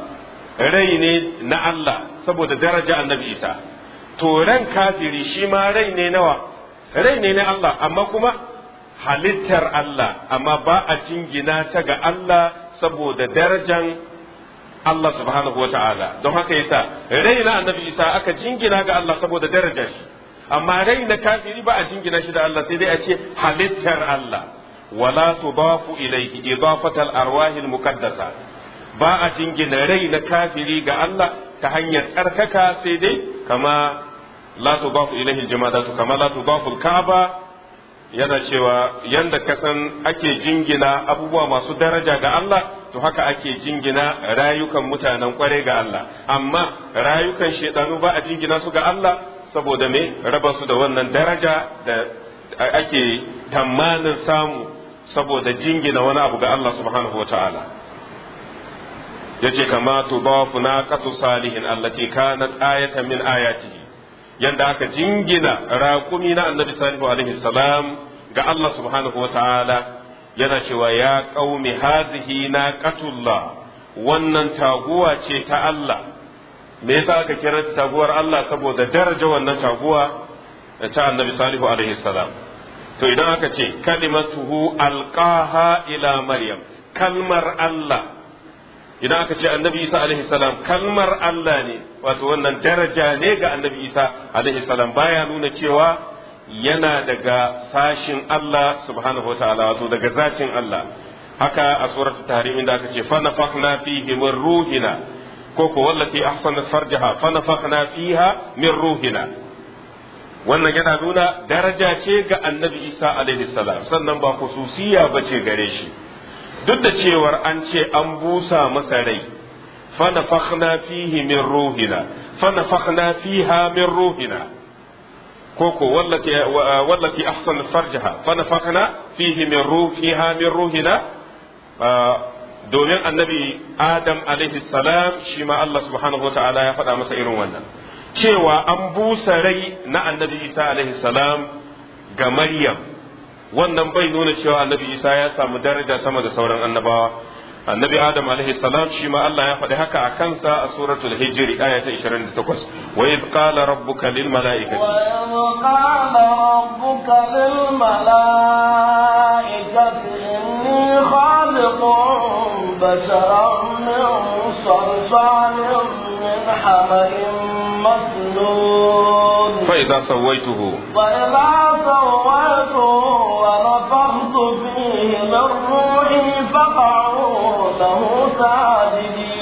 rai ne na Allah saboda daraja annabi isa to ran kafiri shi ma rai ne nawa rai ne na Allah amma kuma halittar Allah amma ba a jingina ta ga Allah saboda darajan Allah subhanahu wa ta'ala don haka yasa rai na annabi Isa aka jingina ga Allah saboda darajar shi amma rai na kafiri ba a jingina shi da Allah sai dai a ce halittar Allah wala tudafu ilayhi idafat al muqaddasa ba a jingina rai na kafiri ga Allah ta hanyar tsarkaka sai dai kama la tudafu ilayhi al kama la tudafu kaba yana cewa yanda kasan ake jingina abubuwa masu daraja ga Allah to haka ake jingina rayukan mutanen kware ga Allah amma rayukan shedanu ba a jingina su ga Allah saboda me raba su da wannan daraja da ake tamanin samu saboda jingina wani abu ga Allah subhanahu wataala yace kama tudafu naqatu salihin allati kanat ayatan min ayatihi yanda aka jingina raƙumi na annabi salihu alaihi salam ga Allah subhanahu wa ta'ala yana cewa ya ƙaumi hazihi na katullah wannan taguwa ce ta Allah me yasa aka kira ta taguwar Allah saboda daraja wannan taguwa ta annabi salihu alaihi salam to idan aka ce kalimatuhu alqaha ila maryam kalmar Allah idan aka ce annabi isa alaihi salam kalmar Allah ne wato wannan daraja ne ga annabi isa alaihi salam baya nuna cewa yana daga sashin Allah subhanahu wa ta'ala wato daga zakin Allah haka a suratul tahrim inda aka ce fa nafakhna fihi min ruhina ko ko wallati ahsanat farjaha fa nafakhna fiha min ruhina wannan yana nuna daraja ce ga annabi isa alaihi salam sannan ba khususiya bace gare shi duk da cewar an ce an busa masa rai fanafakhna fihi min ruhina fanafakhna fiha min ruhina koko wallati wallati ahsan farjaha fanafakhna fihi min ruhiha min ruhina ah, domin annabi adam alaihi salam shi ma Allah subhanahu wataala ya faɗa masa irin wannan cewa an busa rai na annabi isa alaihi salam ga maryam wannan bai nuna cewa annabi isa ya samu daraja sama da sauran annabawa annabi adam alaihi salam shi ma Allah ya faɗi haka a kansa a suratul hijri aya ta 28 wa iz qala rabbuka lil malaikati wa qala rabbuka lil malaikati inni khaliqun basharan min salsalin من حمأ مسنون فإذا سويته فإذا سويته ونفخت فيه من روحي فقعوا له ساجدين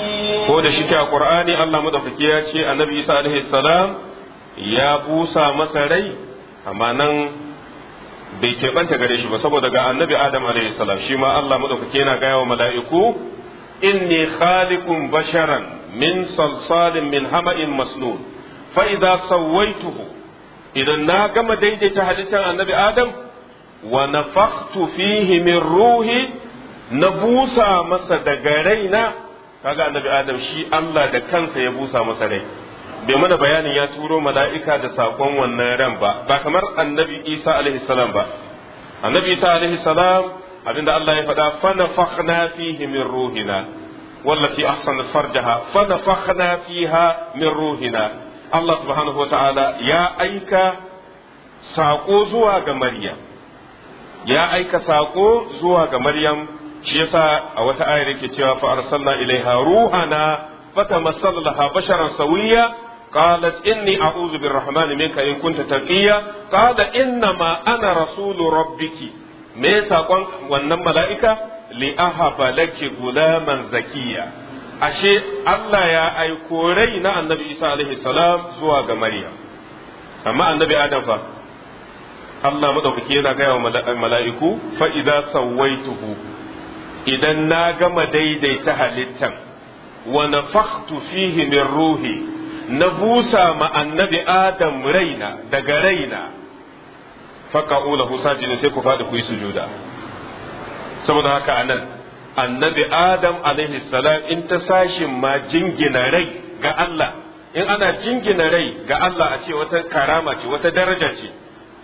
ko da shike a Qur'ani Allah madaukaki ya ce Annabi Isa alaihi salam ya busa masa rai amma nan bai keɓanta gare shi ba saboda ga Annabi Adam alaihi salam shi ma Allah madaukaki yana gaya wa mala'iku In inni khaliqun basharan min salsalin min hama'in masnun fa idza sawaituhu idan na gama daidaita halittar annabi adam wa nafakhtu fihi min ruhi na busa masa daga raina kaga annabi adam shi Allah da kansa ya busa masa rai bai mana bayanin ya turo mala'ika da sakon wannan ran ba ba kamar annabi Isa alaihi salam ba annabi Isa alaihi salam abinda Allah ya faɗa fanafakhna fihi min ruhina wallati ahsanat farjaha fanafakhna fiha min ruhina Allah subhanahu wa ta'ala ya aika saƙo zuwa ga Maryam ya aika saƙo zuwa ga Maryam shi yasa a wata ayar yake cewa fa arsalna ilaiha ruhana fatamassala laha basharan sawiya قالت إني أعوذ بالرحمن منك إن كنت تقيا قال إنما أنا رسول ربك me saƙon wannan mala'ika li ahaba laki gulaman zakiya ashe Allah ya aiko rai na annabi Isa alaihi salam zuwa ga Maryam amma annabi Adam fa Allah madaukaki yana gaya wa mala'iku fa sawaituhu idan na gama daidaita halittan wa nafakhtu fihi min ruhi na busa ma annabi Adam raina daga raina ula hu sajidin sai ku faɗi ku yi sujuda saboda haka anan annabi adam alaihi salam in ta sashin ma jingina rai ga Allah in ana jingina rai ga Allah a ce wata karama ce wata daraja ce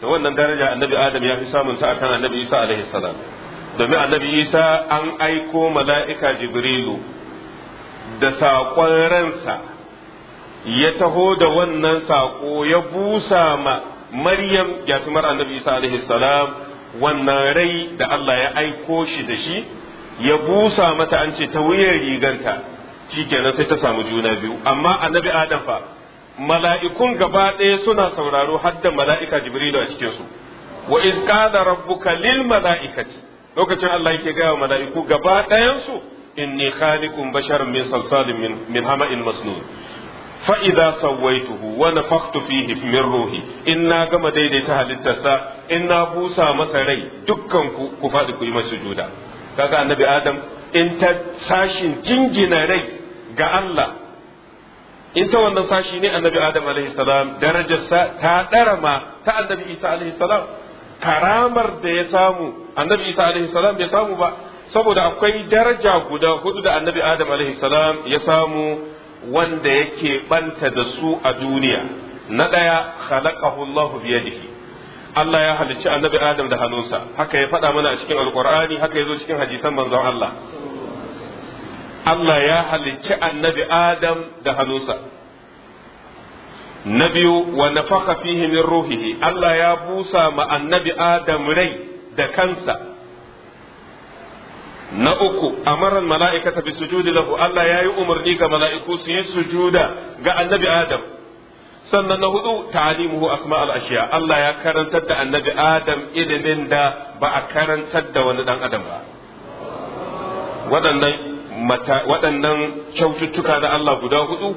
da wannan daraja annabi adam ya fi samun ta akan annabi isa alaihi salam domin annabi isa an aiko mala'ika jibrilu da saƙon ransa ya taho da wannan saƙo ya busa ma maryam gyatumar annabi isa alaihi salam wannan rai da Allah ya aiko shi da shi ya busa mata an ce ta wuyan riganta shikenan sai ta samu juna biyu amma annabi adam fa mala'ikun gaba ɗaya suna sauraro har da mala'ika jibrilu a cikin su wa iz qala rabbuka lil mala'ikati lokacin Allah yake ga mala'iku gaba ɗayan su inni khaliqun basharan min salsalin min hama'in masnun fa'iza sawaituhu wa nafakhtu fihi min ruhi in na gama daidaita halittarsa ina busa masa rai dukkan ku ku faɗi ku yi masa juda kaga annabi adam in ta jingina rai ga Allah in ta wannan sashi ne annabi adam alaihi salam darajarsa ta ɗara ta annabi isa alaihi salam karamar da ya samu annabi isa alaihi salam bai samu ba saboda akwai daraja guda hudu da annabi adam alaihi salam ya samu wanda yake banta da su a duniya na ɗaya khalaqahu Allahu biyadihi Allah ya halicci annabi Adam da hannunsa haka ya faɗa mana a cikin alkur'ani haka ya zo cikin hadisan manzon Allah Allah ya halicci annabi Adam da hannunsa na biyu wa nafaka fihi min ruhihi Allah ya busa ma annabi Adam rai da kansa na uku amaran mala'ikata bi sujudi lahu Allah ya yi umarni ga mala'iku su yi sujuda ga annabi Adam sannan na hudu ta'alimuhu asma al ashiya Allah ya karantar da annabi Adam ilimin da ba a karantar da wani dan adam ba waɗannan waɗannan kyaututtuka da Allah guda hudu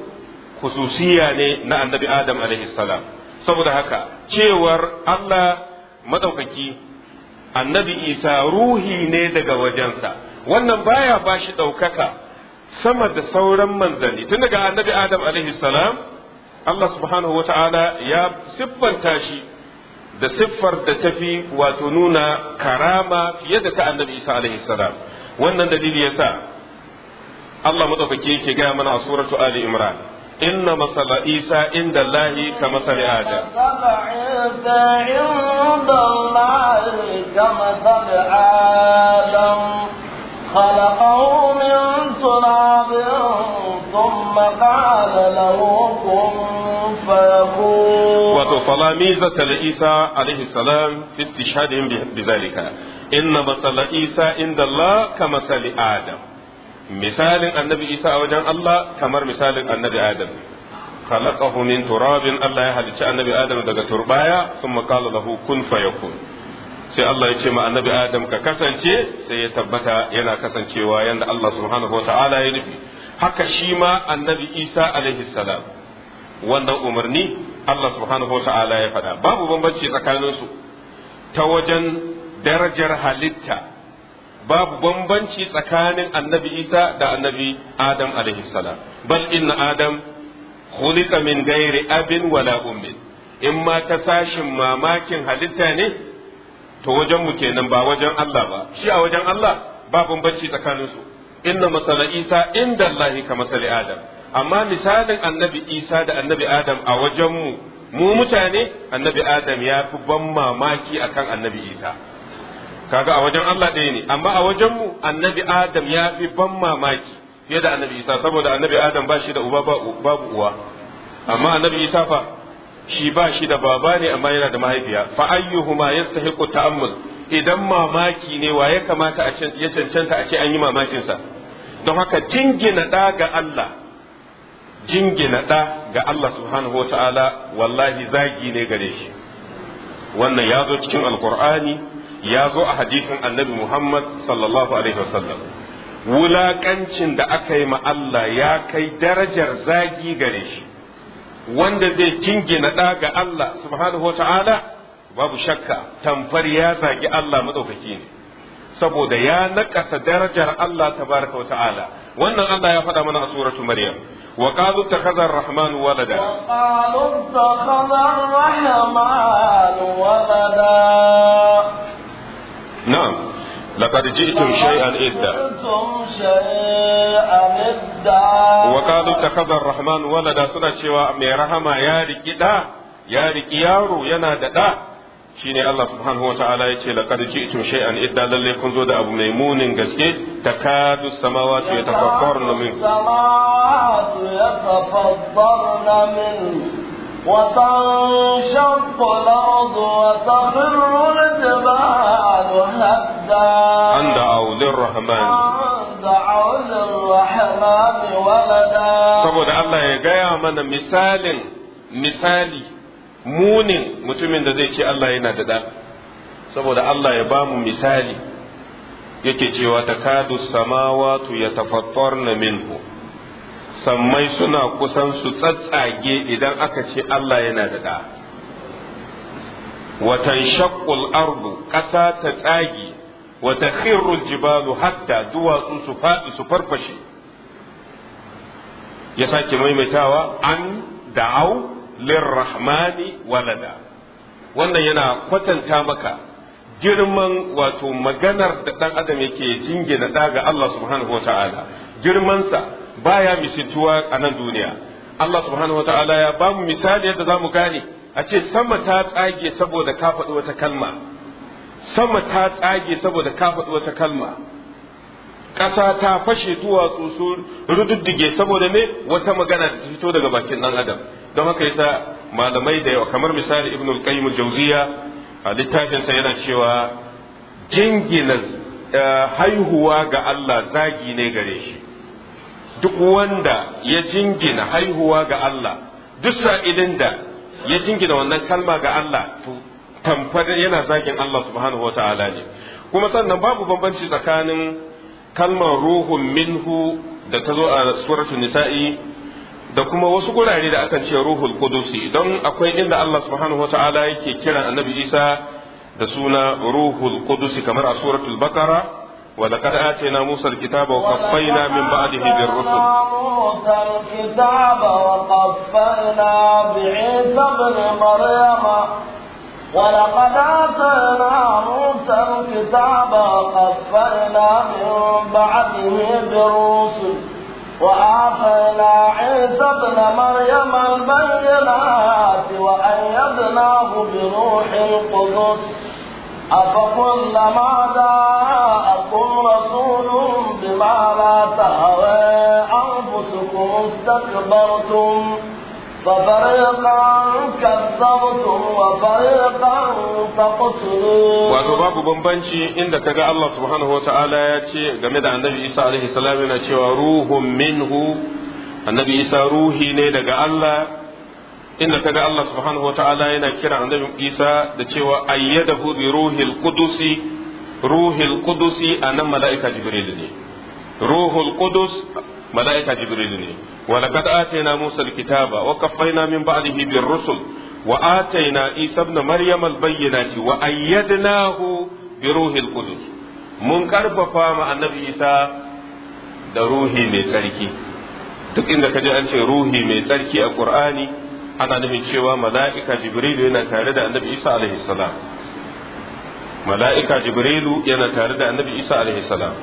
khususiya ne na annabi Adam alaihi salam saboda haka cewar Allah madaukaki annabi isa ruhi ne daga wajensa wannan baya ba shi ɗaukaka sama da sauran manzanni tun daga annabi adam alaihi salam Allah subhanahu wata'ala ya siffanta shi da siffar da tafi wato nuna karama fiye da ta annabi isa alaihi salam wannan dalili yasa Allah madaukake yake ga mana a suratu ali imran إن مثل عيسى عند الله كمثل آدم مثل عيسى عند الله كمثل آدم خلقه من تراب ثم قال له كن فيكون وتفلا ميزة لعيسى عليه السلام في استشهادهم بذلك إن مثل عيسى عند الله كمثل آدم misalin annabi isa a wajen Allah kamar misalin annabi adam khalaqahu min turabin Allah ya halicci annabi adam daga turbaya thumma qala lahu kun sai Allah ya ce ma annabi adam ka kasance sai ya tabbata yana kasancewa yanda Allah subhanahu wataala ya nufi haka shi ma annabi isa alaihi salam wannan umarni Allah subhanahu wataala ya faɗa babu bambanci tsakaninsu ta wajen darajar halitta babu bambanci tsakanin annabi isa da annabi adam salam bal inna adam khuliqa min gairi abin wala ummin in ma ta sashin mamakin halitta ne to wajen mu kenan ba wajen Allah ba shi a wajen Allah ba bambanci tsakanin su inna masala isa inda Allah ka masali adam amma misalin annabi isa da annabi adam a wajen mu mu mutane annabi adam ya fi ban mamaki akan annabi isa kaga a wajen Allah ɗaya ne amma a wajen mu annabi Adam ya fi ban mamaki fiye da annabi Isa saboda annabi Adam ba shi da uba babu uwa amma annabi Isa fa shi ba shi da baba ne amma yana da mahaifiya fa ayyuhuma yastahiqu ta'ammul idan mamaki ne wa ya kamata a ya cancanta a ce an yi mamakin sa don haka jingina da ga Allah jingina da ga Allah subhanahu wa wallahi zagi ne gare shi wannan ya zo cikin alqur'ani ya zo a hadisin annabi Muhammad sallallahu alaihi wasallam wulakancin da aka yi ma Allah ya kai darajar zagi gare shi wanda zai jingina ɗa ga Allah subhanahu wata'ala babu shakka tamfar ya zagi Allah maɗaukaki ne saboda ya naƙasa darajar Allah ta wa wata'ala wannan Allah ya faɗa mana a suratu Maryam وقالوا اتخذ الرحمن ولدا وقالوا اتخذ الرحمن ولدا لقد جئتم شيئا إدا وقالوا اتخذ الرحمن ولدا سنة شواء ميرهما يا دا يا رجيار يا نادتا شيني الله سبحانه وتعالى يتي لقد جئتم شيئا إدا للي كنزو دا أبو ميمون انجزكي تكاد السماوات يتفطرن منه السماوات يتفطرن منه وتنشق الأرض وتخر الجبال هبا وددا أن دعوا للرحمن saboda Allah ya gaya mana misalin misali munin mutumin da zai ce Allah yana da ɗa saboda Allah ya bamu misali yake cewa ta kadu samawatu ya tafattar na minhu sammai suna kusan su tsattsage idan aka ce Allah yana da ɗa watan shakul ardu ƙasa ta tsagi Wata takhirru jibalu hatta duwatsu su faɗi su farfashe ya sake maimaitawa an da'au lirrahmani walada wannan yana kwatanta maka girman wato maganar da ɗan adam yake jingina ɗa ga Allah subhanahu wa ta'ala girmansa baya misaltuwa a nan duniya Allah subhanahu wa ta'ala ya bamu misali yadda za mu gane a ce sama ta tsage saboda ka faɗi wata kalma sama ta tsage saboda ka faɗi wata kalma ƙasa ta fashe duwatsu su rududdige saboda ne wata magana ta fito daga bakin ɗan adam don haka yasa malamai da yawa kamar misali ibn al-qayyim jawziya a littafinsa yana cewa jingina eh, haihuwa ga Allah zagi ne gare shi duk wanda ya jingina haihuwa ga Allah duk sa'ilin da ya jingina wannan kalma ga Allah tamfada yana zagin Allah subhanahu wata'ala ne kuma sannan babu bambanci tsakanin kalmar ruhun minhu da ta zo a suratul nisa'i da kuma wasu gurare da akan ce ruhul qudusi don akwai inda Allah subhanahu wata'ala yake kira annabi Isa da suna ruhul qudusi kamar a suratul baqara ولقد آتينا موسى الكتاب وقفينا من بعده بالرسل موسى الكتاب وقفينا بعيسى ابن Maryama. ولقد آتينا موسى الكتاب وقفينا من بعده بالرسل وآتينا عيسى ابن مريم البينات وأيدناه بروح القدس أفكلما جاءكم رسول بما لا تهوى أنفسكم استكبرتم wato babu bambanci inda kaga Allah subhanahu wata'ala ya ce game da annabi Isa alaihi salam yana cewa ruhun minhu annabi Isa ruhi ne daga Allah inda kaga Allah subhanahu wata'ala yana kira annabi Isa da cewa ayyadahu bi ruhil qudusi ruhil qudusi anan mala'ika jibril ne ruhul qudus mala'ika jibril ne ولقد آتينا موسى الكتاب وكفينا من بعده بالرسل وآتينا عيسى ابن مريم البينات وأيدناه بروح القدس mun karfafa ma annabi isa da ruhi mai tsarki duk inda ka ji an ce ruhi mai tsarki a qur'ani ana nufin cewa mala'ika jibrilu yana tare da annabi isa alaihi salam mala'ika jibrilu yana tare da annabi isa alaihi salam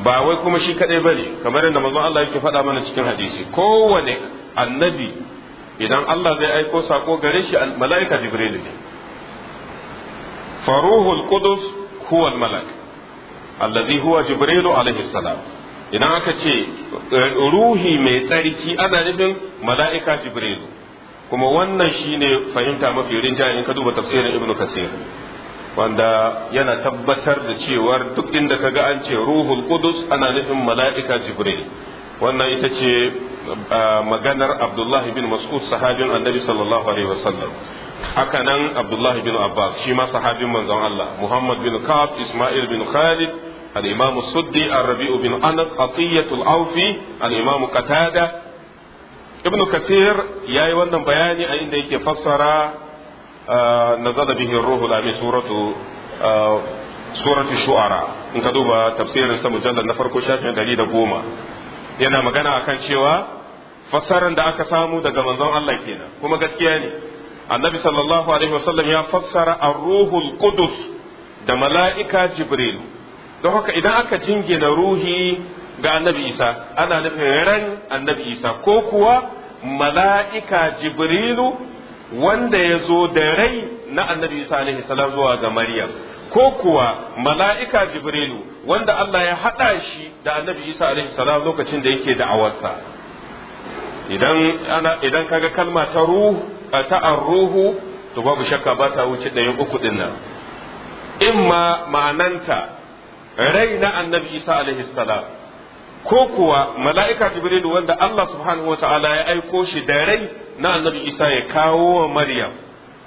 ba wai kuma shi ba ne kamar yadda manzon Allah yake faɗa mana cikin hadisi kowane annabi idan Allah zai aiko sako gare shi mala'ika jibril ne faruhul qudus huwa malak allazi huwa jibril alaihi salam idan aka ce eh, ruhi mai tsarki ana nufin mala'ika jibrilu kuma wannan shine fahimta mafi rinjaye in ka duba tafsirin ibnu kasir wanda yana tabbatar da cewar duk inda kaga an ce ruhul ana nufin mala'ika jibril wannan ita ce maganar abdullahi bin mas'ud sahabin annabi sallallahu alaihi wasallam haka nan abdullahi bin abbas shi ma sahabin manzon Allah muhammad bin ka'ab isma'il bin khalid الإمام السدي bin Anas أنس awfi العوفي الإمام قتادة ابن كثير يا wannan bayani a inda yake fassara nazala bihi ruhu la suratu shu'ara in ka duba tafsirin sa mujallal na farko shafin yana magana akan cewa fassarar da aka samu daga manzon Allah kenan kuma gaskiya ne annabi sallallahu alaihi wasallam ya fassara ar-ruhul qudus da mala'ika jibril don haka idan aka jingina ruhi ga annabi isa ana nufin ran annabi isa ko kuwa mala'ika jibrilu wanda ya zo da rai na annabi Isa alaihi salam zuwa ga Maryam ko kuwa mala'ika Jibrilu wanda Allah ya haɗa shi da annabi Isa alaihi salam lokacin da yake da'awarsa idan ana idan kaga kalma ta ruhu ta arruhu to babu shakka ba ta wuce ɗayan uku ɗin nan imma ma'ananta rai na annabi Isa alaihi salam ko kuwa mala'ika Jibrilu wanda Allah subhanahu wa ta'ala ya aiko shi da rai na annabi isa ya kawo wa maryam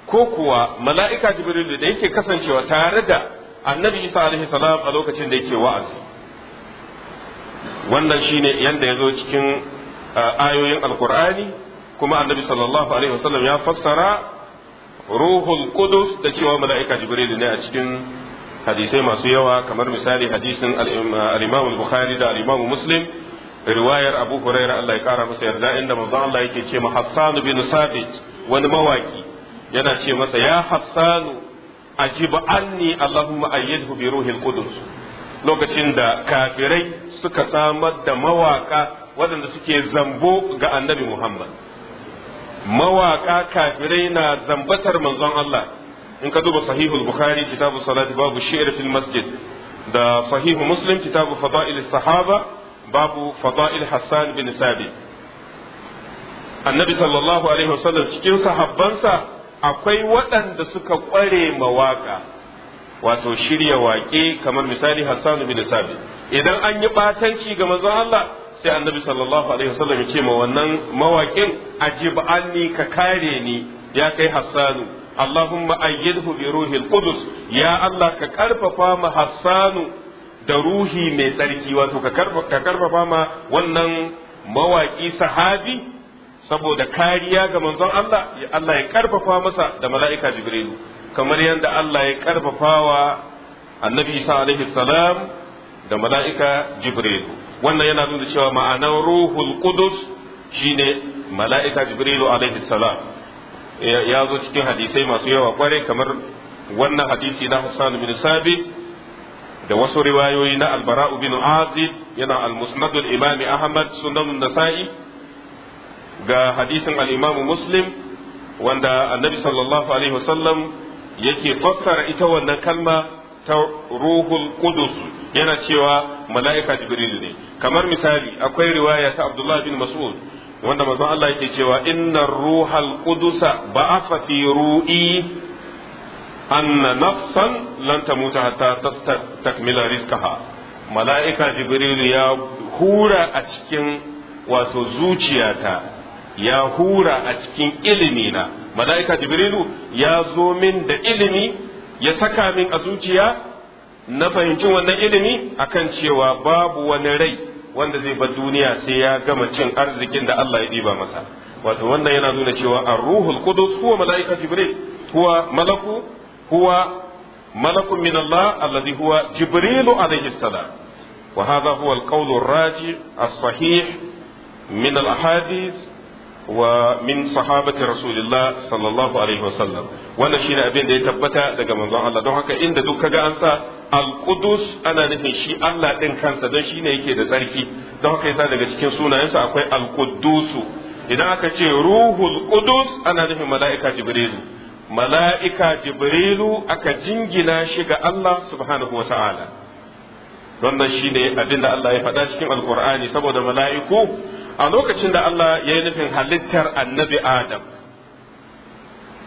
ko kuwa mala'ika jibril da yake kasancewa tare da annabi isa alaihi salam a lokacin da yake wa'azi wannan shine yanda zo cikin ayoyin alqur'ani kuma annabi sallallahu alaihi wasallam ya fassara ruhul kudus da cewa mala'ika jibril ne a cikin hadisai masu yawa kamar misali hadisin al-imam al-bukhari da al-imam muslim riwayar abu huraira Allah ya kara masa yarda inda manzon Allah yake ce ma Hassan bin Sabit wani mawaki yana ce masa ya Hassan ajib anni Allahumma ayyidhu bi ruhil qudus lokacin da kafirai suka samar da mawaka waɗanda suke zambo ga annabi Muhammad mawaka kafirai na zambatar manzon Allah in ka duba sahihul bukhari kitabu salati babu shi'r fil masjid da sahihu muslim kitabu fada'il sahaba babu fada'il Hassan bin Sabit annabi sallallahu alaihi wasallam cikin sahabbansa akwai waɗanda suka ƙware mawaƙa. wato shirya waƙe kamar misali Hassan bin Sabit idan an yi batanci ga manzon Allah sai annabi sallallahu alaihi wasallam ya ce ma wannan mawaƙin ajib anni ka kare ni ya kai Hassanu Allahumma ayyidhu bi ruhil qudus ya Allah ka karfafa ma Hassanu da ruhi mai tsarki wato ka karfafa ma wannan mawaki sahabi saboda kariya ga manzon Allah Allah ya karfafa masa da mala'ika Jibrilu kamar yadda Allah ya karfafa wa annabi Isa alaihi salam da mala'ika Jibrilu wannan yana nuna cewa ma'anar ruhul qudus shine mala'ika Jibrilu alaihi salam ya zo cikin hadisai masu yawa kware kamar wannan hadisi na Hassan bin Sabit da wasu riwayoyi na albara'u bin azib yana al-musnad imami ahmad sunan nasa'i ga hadisin al-imam muslim wanda annabi sallallahu alaihi wasallam yake fassara ita wannan kalma ta ruhul qudus yana cewa mala'ika jibril ne kamar misali akwai riwaya ta abdullah bin mas'ud wanda manzon Allah yake cewa innar ruhal qudusa ba'atha fi ru'i anna nafsan lan tamuta hatta takmila rizqaha mala'ika jibril ya hura a cikin wato zuciyata ya hura a cikin ilimi na mala'ika jibrilu ya zo min da ilimi ya saka min a zuciya na fahimci wannan ilimi akan cewa babu wani rai wanda zai bar duniya sai ya gama cin arzikin da Allah ya diba masa wato wannan yana nuna cewa an ruhul qudus huwa mala'ika jibril huwa malaku huwa malakun min Allah allazi huwa jibrilu alaihi salam wa hadha huwa raji as-sahih min al-ahadith wa min sahabati rasulillah sallallahu alaihi wasallam wannan shine abin da ya tabbata daga manzon Allah don haka inda duk kaga an sa al-qudus ana nufin shi Allah ɗin kansa don shi ne yake da tsarki don haka yasa daga cikin sunayensa akwai al-quddus idan aka ce ruhul qudus ana nufin mala'ika jibrilu mala'ika jibrilu aka jingina shi ga Allah subhanahu wa ta'ala wannan shi ne abinda Allah ya faɗa cikin alkur'ani saboda mala'iku a lokacin da Allah ya yi nufin halittar annabi Adam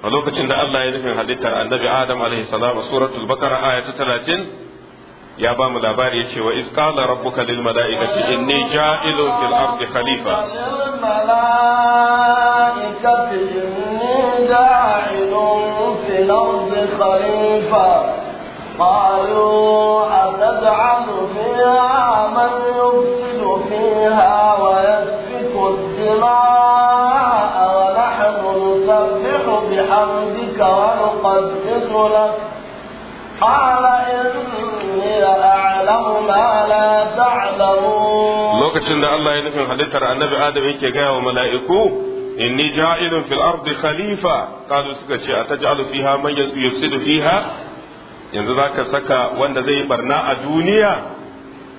a lokacin da Allah ya nufin halittar annabi Adam alaihi salam a suratul bakara aya ta talatin ya ba mu labari ya ce wa isqala rabbuka lil mala'ikati inni ja'ilun fil ardi khalifa الملائكة إني جاعل في الأرض خليفة قالوا أتجعل فيها من يفسد فيها ويسفك الدماء ونحن نسبح بحمدك ونقدس لك قال إني أعلم ما لا تعلمون لوكتشن الله ينفع حديث النبي آدم يكي جاء وملائكوه inni ja'ilun fil ardi khalifa kalu suka ce a taj'alu fiha man yusidu fiha yanzu zaka saka wanda zai barna a duniya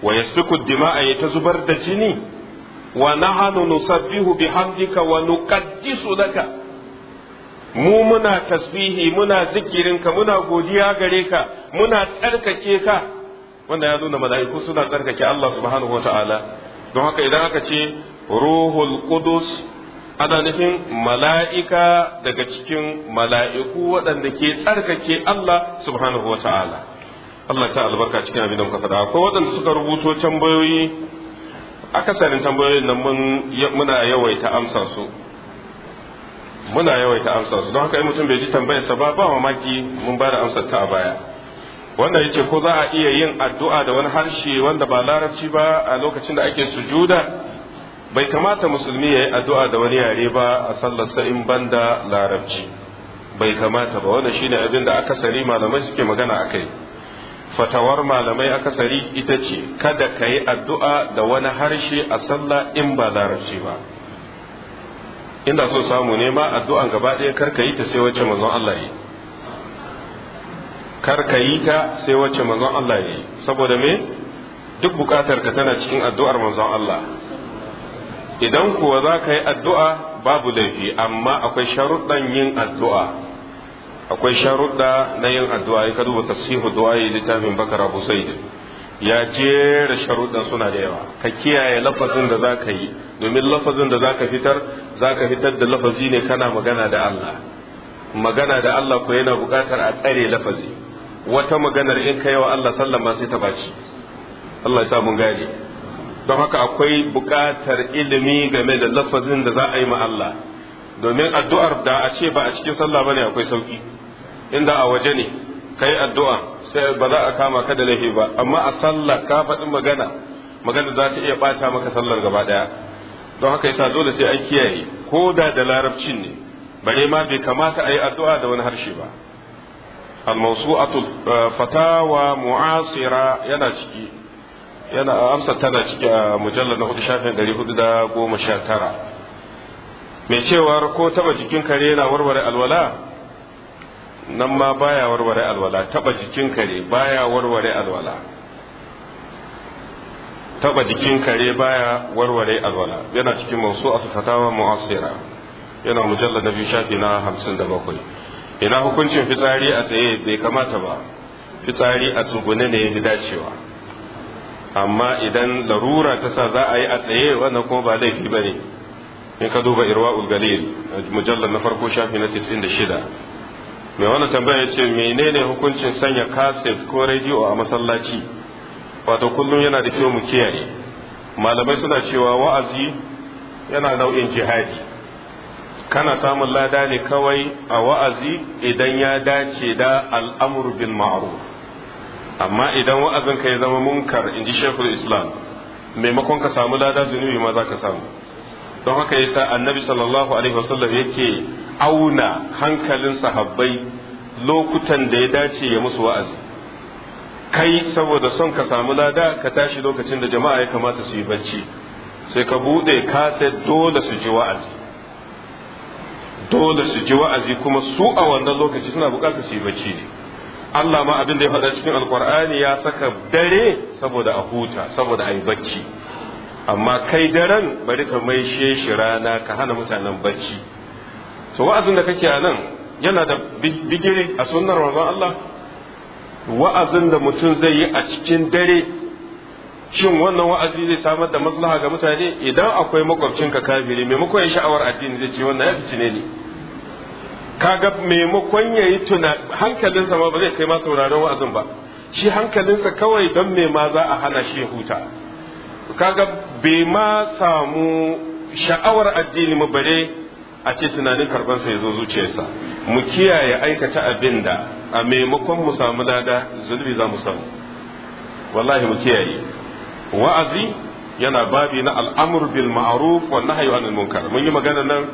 wa yasfiku dima'a ya ta zubar da jini wa nahnu nusabbihu bihamdika wa nuqaddisu laka mu muna tasbihi muna zikirinka muna godiya gare ka muna tsarkake ka wanda ya nuna mala'iku suna tsarkake Allah subhanahu wa ta'ala don haka idan aka ce ruhul qudus ana nufin mala'ika daga cikin mala'iku waɗanda ke tsarkake Allah subhanahu wa ta'ala Allah ta albarka cikin abin da muka faɗa ko waɗanda suka rubuto tambayoyi akasarin tambayoyin nan muna yawaita amsa su muna yawaita amsa su don haka yi mutum bai ji tambayar sa ba ba mamaki mun ba da amsar ta a baya wannan yace ko za a iya yin addu'a da wani harshe wanda ba larabci ba a lokacin da ake sujuda bai kamata musulmi ya yi addu'a da wani yare ba a sallarsa in banda larabci bai kamata ba wannan shine abin da akasari malamai suke magana a kai fatawar malamai akasari ita ce kada ka yi addu'a da wani harshe a sallah in ba larabci ba inda so samu ne ma addu'an gaba ɗaya kar yi ta sai wacce manzon Allah yi kar yi ta sai wacce manzon Allah yi saboda me duk bukatar ka tana cikin addu'ar manzon Allah idan kuwa za ka yi addu'a babu laifi amma akwai sharuɗan yin addu'a akwai sharuɗa na yin addu'a ya ka duba sihu du'a yi littafin bakar abu ya jera sharuɗan suna da yawa ka kiyaye lafazin da za ka yi domin lafazin da za ka fitar za ka fitar da lafazi ne kana magana da Allah magana da Allah ko yana buƙatar a tsare lafazi wata maganar in ka yi wa Allah sallama sai ta baci Allah ya sa mun gane don haka akwai buƙatar ilimi game da lafazin da za a yi ma Allah domin addu'ar da a ce ba a cikin sallah bane akwai sauki inda a waje ne kai addu'a sai ba za a kama ka da laifi ba amma a sallah ka faɗi magana magana za ta iya ɓata maka sallar gaba ɗaya don haka yasa dole sai an kiyaye ko da da larabcin ne bare ma bai kamata a yi addu'a da wani harshe ba al-mawsu'atul eh, fatawa mu'asira yana ciki yana amsa tana a mujallar na hudu shafin dari hudu da goma sha tara mai cewar ko taba jikin kare yana warware alwala nan ma baya warware alwala taba jikin kare baya warware alwala taba jikin kare baya warware alwala yana cikin masu a fatawa mu'asira yana mujallar na biyu shafi na hamsin da bakwai ina hukuncin fitsari a tsaye bai kamata ba fitsari a tsugune ne ya dacewa amma idan larura ta sa za a yi a tsaye wannan kuma ba laifi ba ne in ka duba Irwa Ulgalil, mujallar na farko shafi na 96 mai wannan tambaya ce menene hukuncin sanya kaset ko rediyo a masallaci wato kullum yana da kyau mu kiyaye malamai suna cewa wa'azi yana nau'in jihadi kana samun lada ne kawai a wa'azi idan ya dace da al'amur bil ma'ruf amma idan wa'azin ka ya zama munkar in ji shekul islam maimakon ka samu lada zunubi ma za ka samu don haka sa annabi sallallahu alaihi wasallam yake auna hankalin sahabbai lokutan da ya dace ya musu wa'azi kai saboda son ka samu lada ka tashi lokacin da jama'a ya kamata su yi bacci sai ka bude kaset dole su ji wa'azi dole su ji wa'azi kuma su a wannan lokaci suna bukatar su yi bacci Allah ma abin da ya faɗa cikin alkur'ani ya saka dare saboda a huta saboda a yi bacci amma kai daren bari ka maishe shi rana ka hana mutanen bacci to wa'azin da kake a nan yana da bigire a sunnar wanzan Allah wa'azin da mutum zai yi a cikin dare shin wannan wa'azi zai samar da maslaha ga mutane idan akwai makwabcinka kafiri maimakon ya sha'awar addini zai ce wannan ya fice ne kaga maimakon ya yi tuna hankalinsa ma ba zai kai ma sauraron wa'azin ba shi hankalinsa kawai don me ma za a hana shi huta kaga bai ma samu sha'awar addini mu bare a ce tunanin karbansa ya zo zuciyarsa mu kiyaye aikata abin da a maimakon mu samu lada zunubi za mu samu wallahi mu kiyaye wa'azi yana babi na al'amur bil ma'ruf wa nahyi anil munkar mun yi magana nan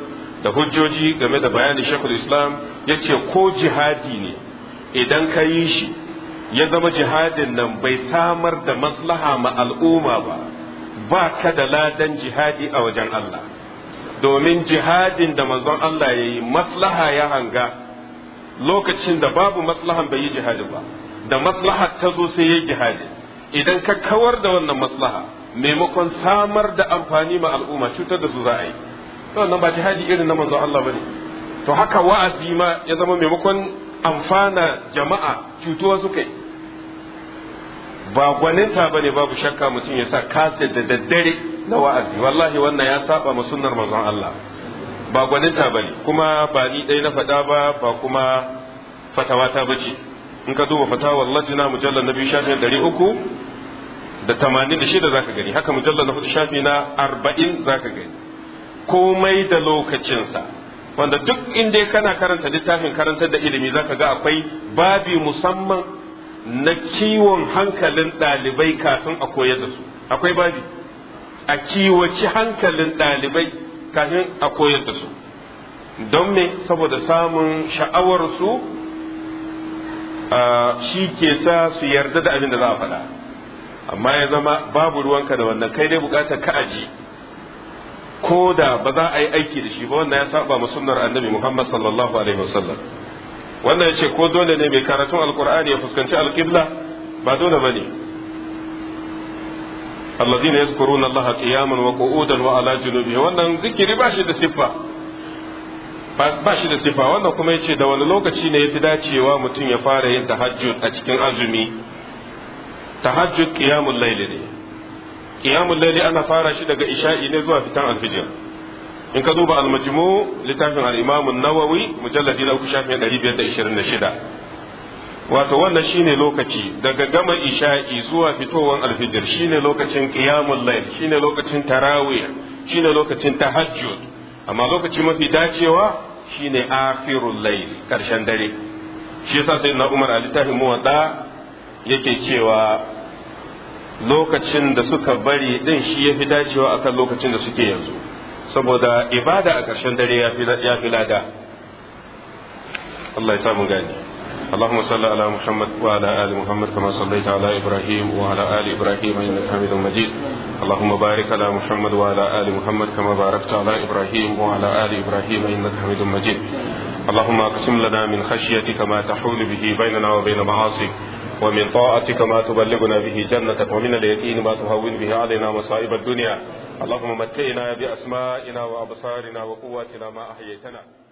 da hujjoji game da bayanin shekul islam ya ce ko jihadi ne idan ka yi shi ya zama jihadin nan bai samar da maslaha ma al'umma ba ba ka da ladan jihadi a wajen Allah domin jihadin da manzon Allah ya yi maslaha ya hanga lokacin da babu maslahan bai yi jihadi ba da maslaha ta zo sai ya jihadi idan ka kawar da wannan maslaha maimakon samar da amfani ma al'umma cutar da su za yi wannan ba jihadi irin na manzon Allah bane to haka wa'azi ma ya zama maimakon amfana jama'a cutuwa suka yi ba gwaninta bane babu shakka mutum ya sa kaset da daddare na wa'azi wallahi wannan ya saba ma sunnar manzon Allah ba gwaninta bane kuma ba ni dai na faɗa ba ba kuma ta bace in ka duba fatawar lajina mujallar na biyu shafin ɗari uku da tamanin da shida zaka gani haka mujallar na hudu shafi na arba'in zaka gani komai da lokacinsa wanda duk inda kana karanta littafin karantar da ilimi zaka ga akwai babi musamman na kiwon hankalin ɗalibai kafin a koyar da su akwai babi a kiwoci hankalin ɗalibai kafin a koyar da su don me saboda samun sha'awarsu shi ke sa su yarda da abin da za a faɗa amma ya zama babu ruwanka da wannan kai dai bukatar ka aji ko da ba za a yi aiki da shi ba wannan ya saba mu sunnar annabi Muhammad sallallahu alaihi wasallam wannan yace ko dole ne mai karatun alqur'ani ya fuskanci alqibla ba dole bane alladhina yazkuruna allaha qiyaman wa qu'udan wa ala junubi wannan zikiri ba shi da siffa ba shi da siffa wannan kuma yace da wani lokaci ne yafi dacewa mutum ya fara yin tahajjud a cikin azumi tahajjud qiyamul layl ne qiyamul layli ana fara shi daga isha'i ne zuwa fitan alfijir in ka duba al-majmu littafin al-imam an-nawawi mujalladi na uku shafin 526 wato wannan shine lokaci daga gama isha'i zuwa fitowar alfijir shine lokacin qiyamul layl shine lokacin tarawih shine lokacin tahajjud amma lokaci mafi dacewa shine akhirul layl karshen dare shi yasa na umar a littafin muwadda yake cewa lokacin da suka bari din shi ya fi dacewa akan lokacin da suke yanzu saboda ibada a ƙarshen dare ya fi lada Allah ya samu gani اللهم صل على محمد وعلى آل محمد كما صليت على إبراهيم وعلى آل إبراهيم إنك حميد مجيد اللهم بارك على محمد وعلى آل محمد كما باركت على إبراهيم وعلى آل إبراهيم إنك حميد مجيد اللهم اقسم لنا من خشيتك ما تحول به بيننا وبين معاصيك ومن طاعتك ما تبلغنا به جنتك ومن اليقين ما تهون به علينا مصائب الدنيا اللهم متئنا بأسمائنا وأبصارنا وقواتنا ما أحييتنا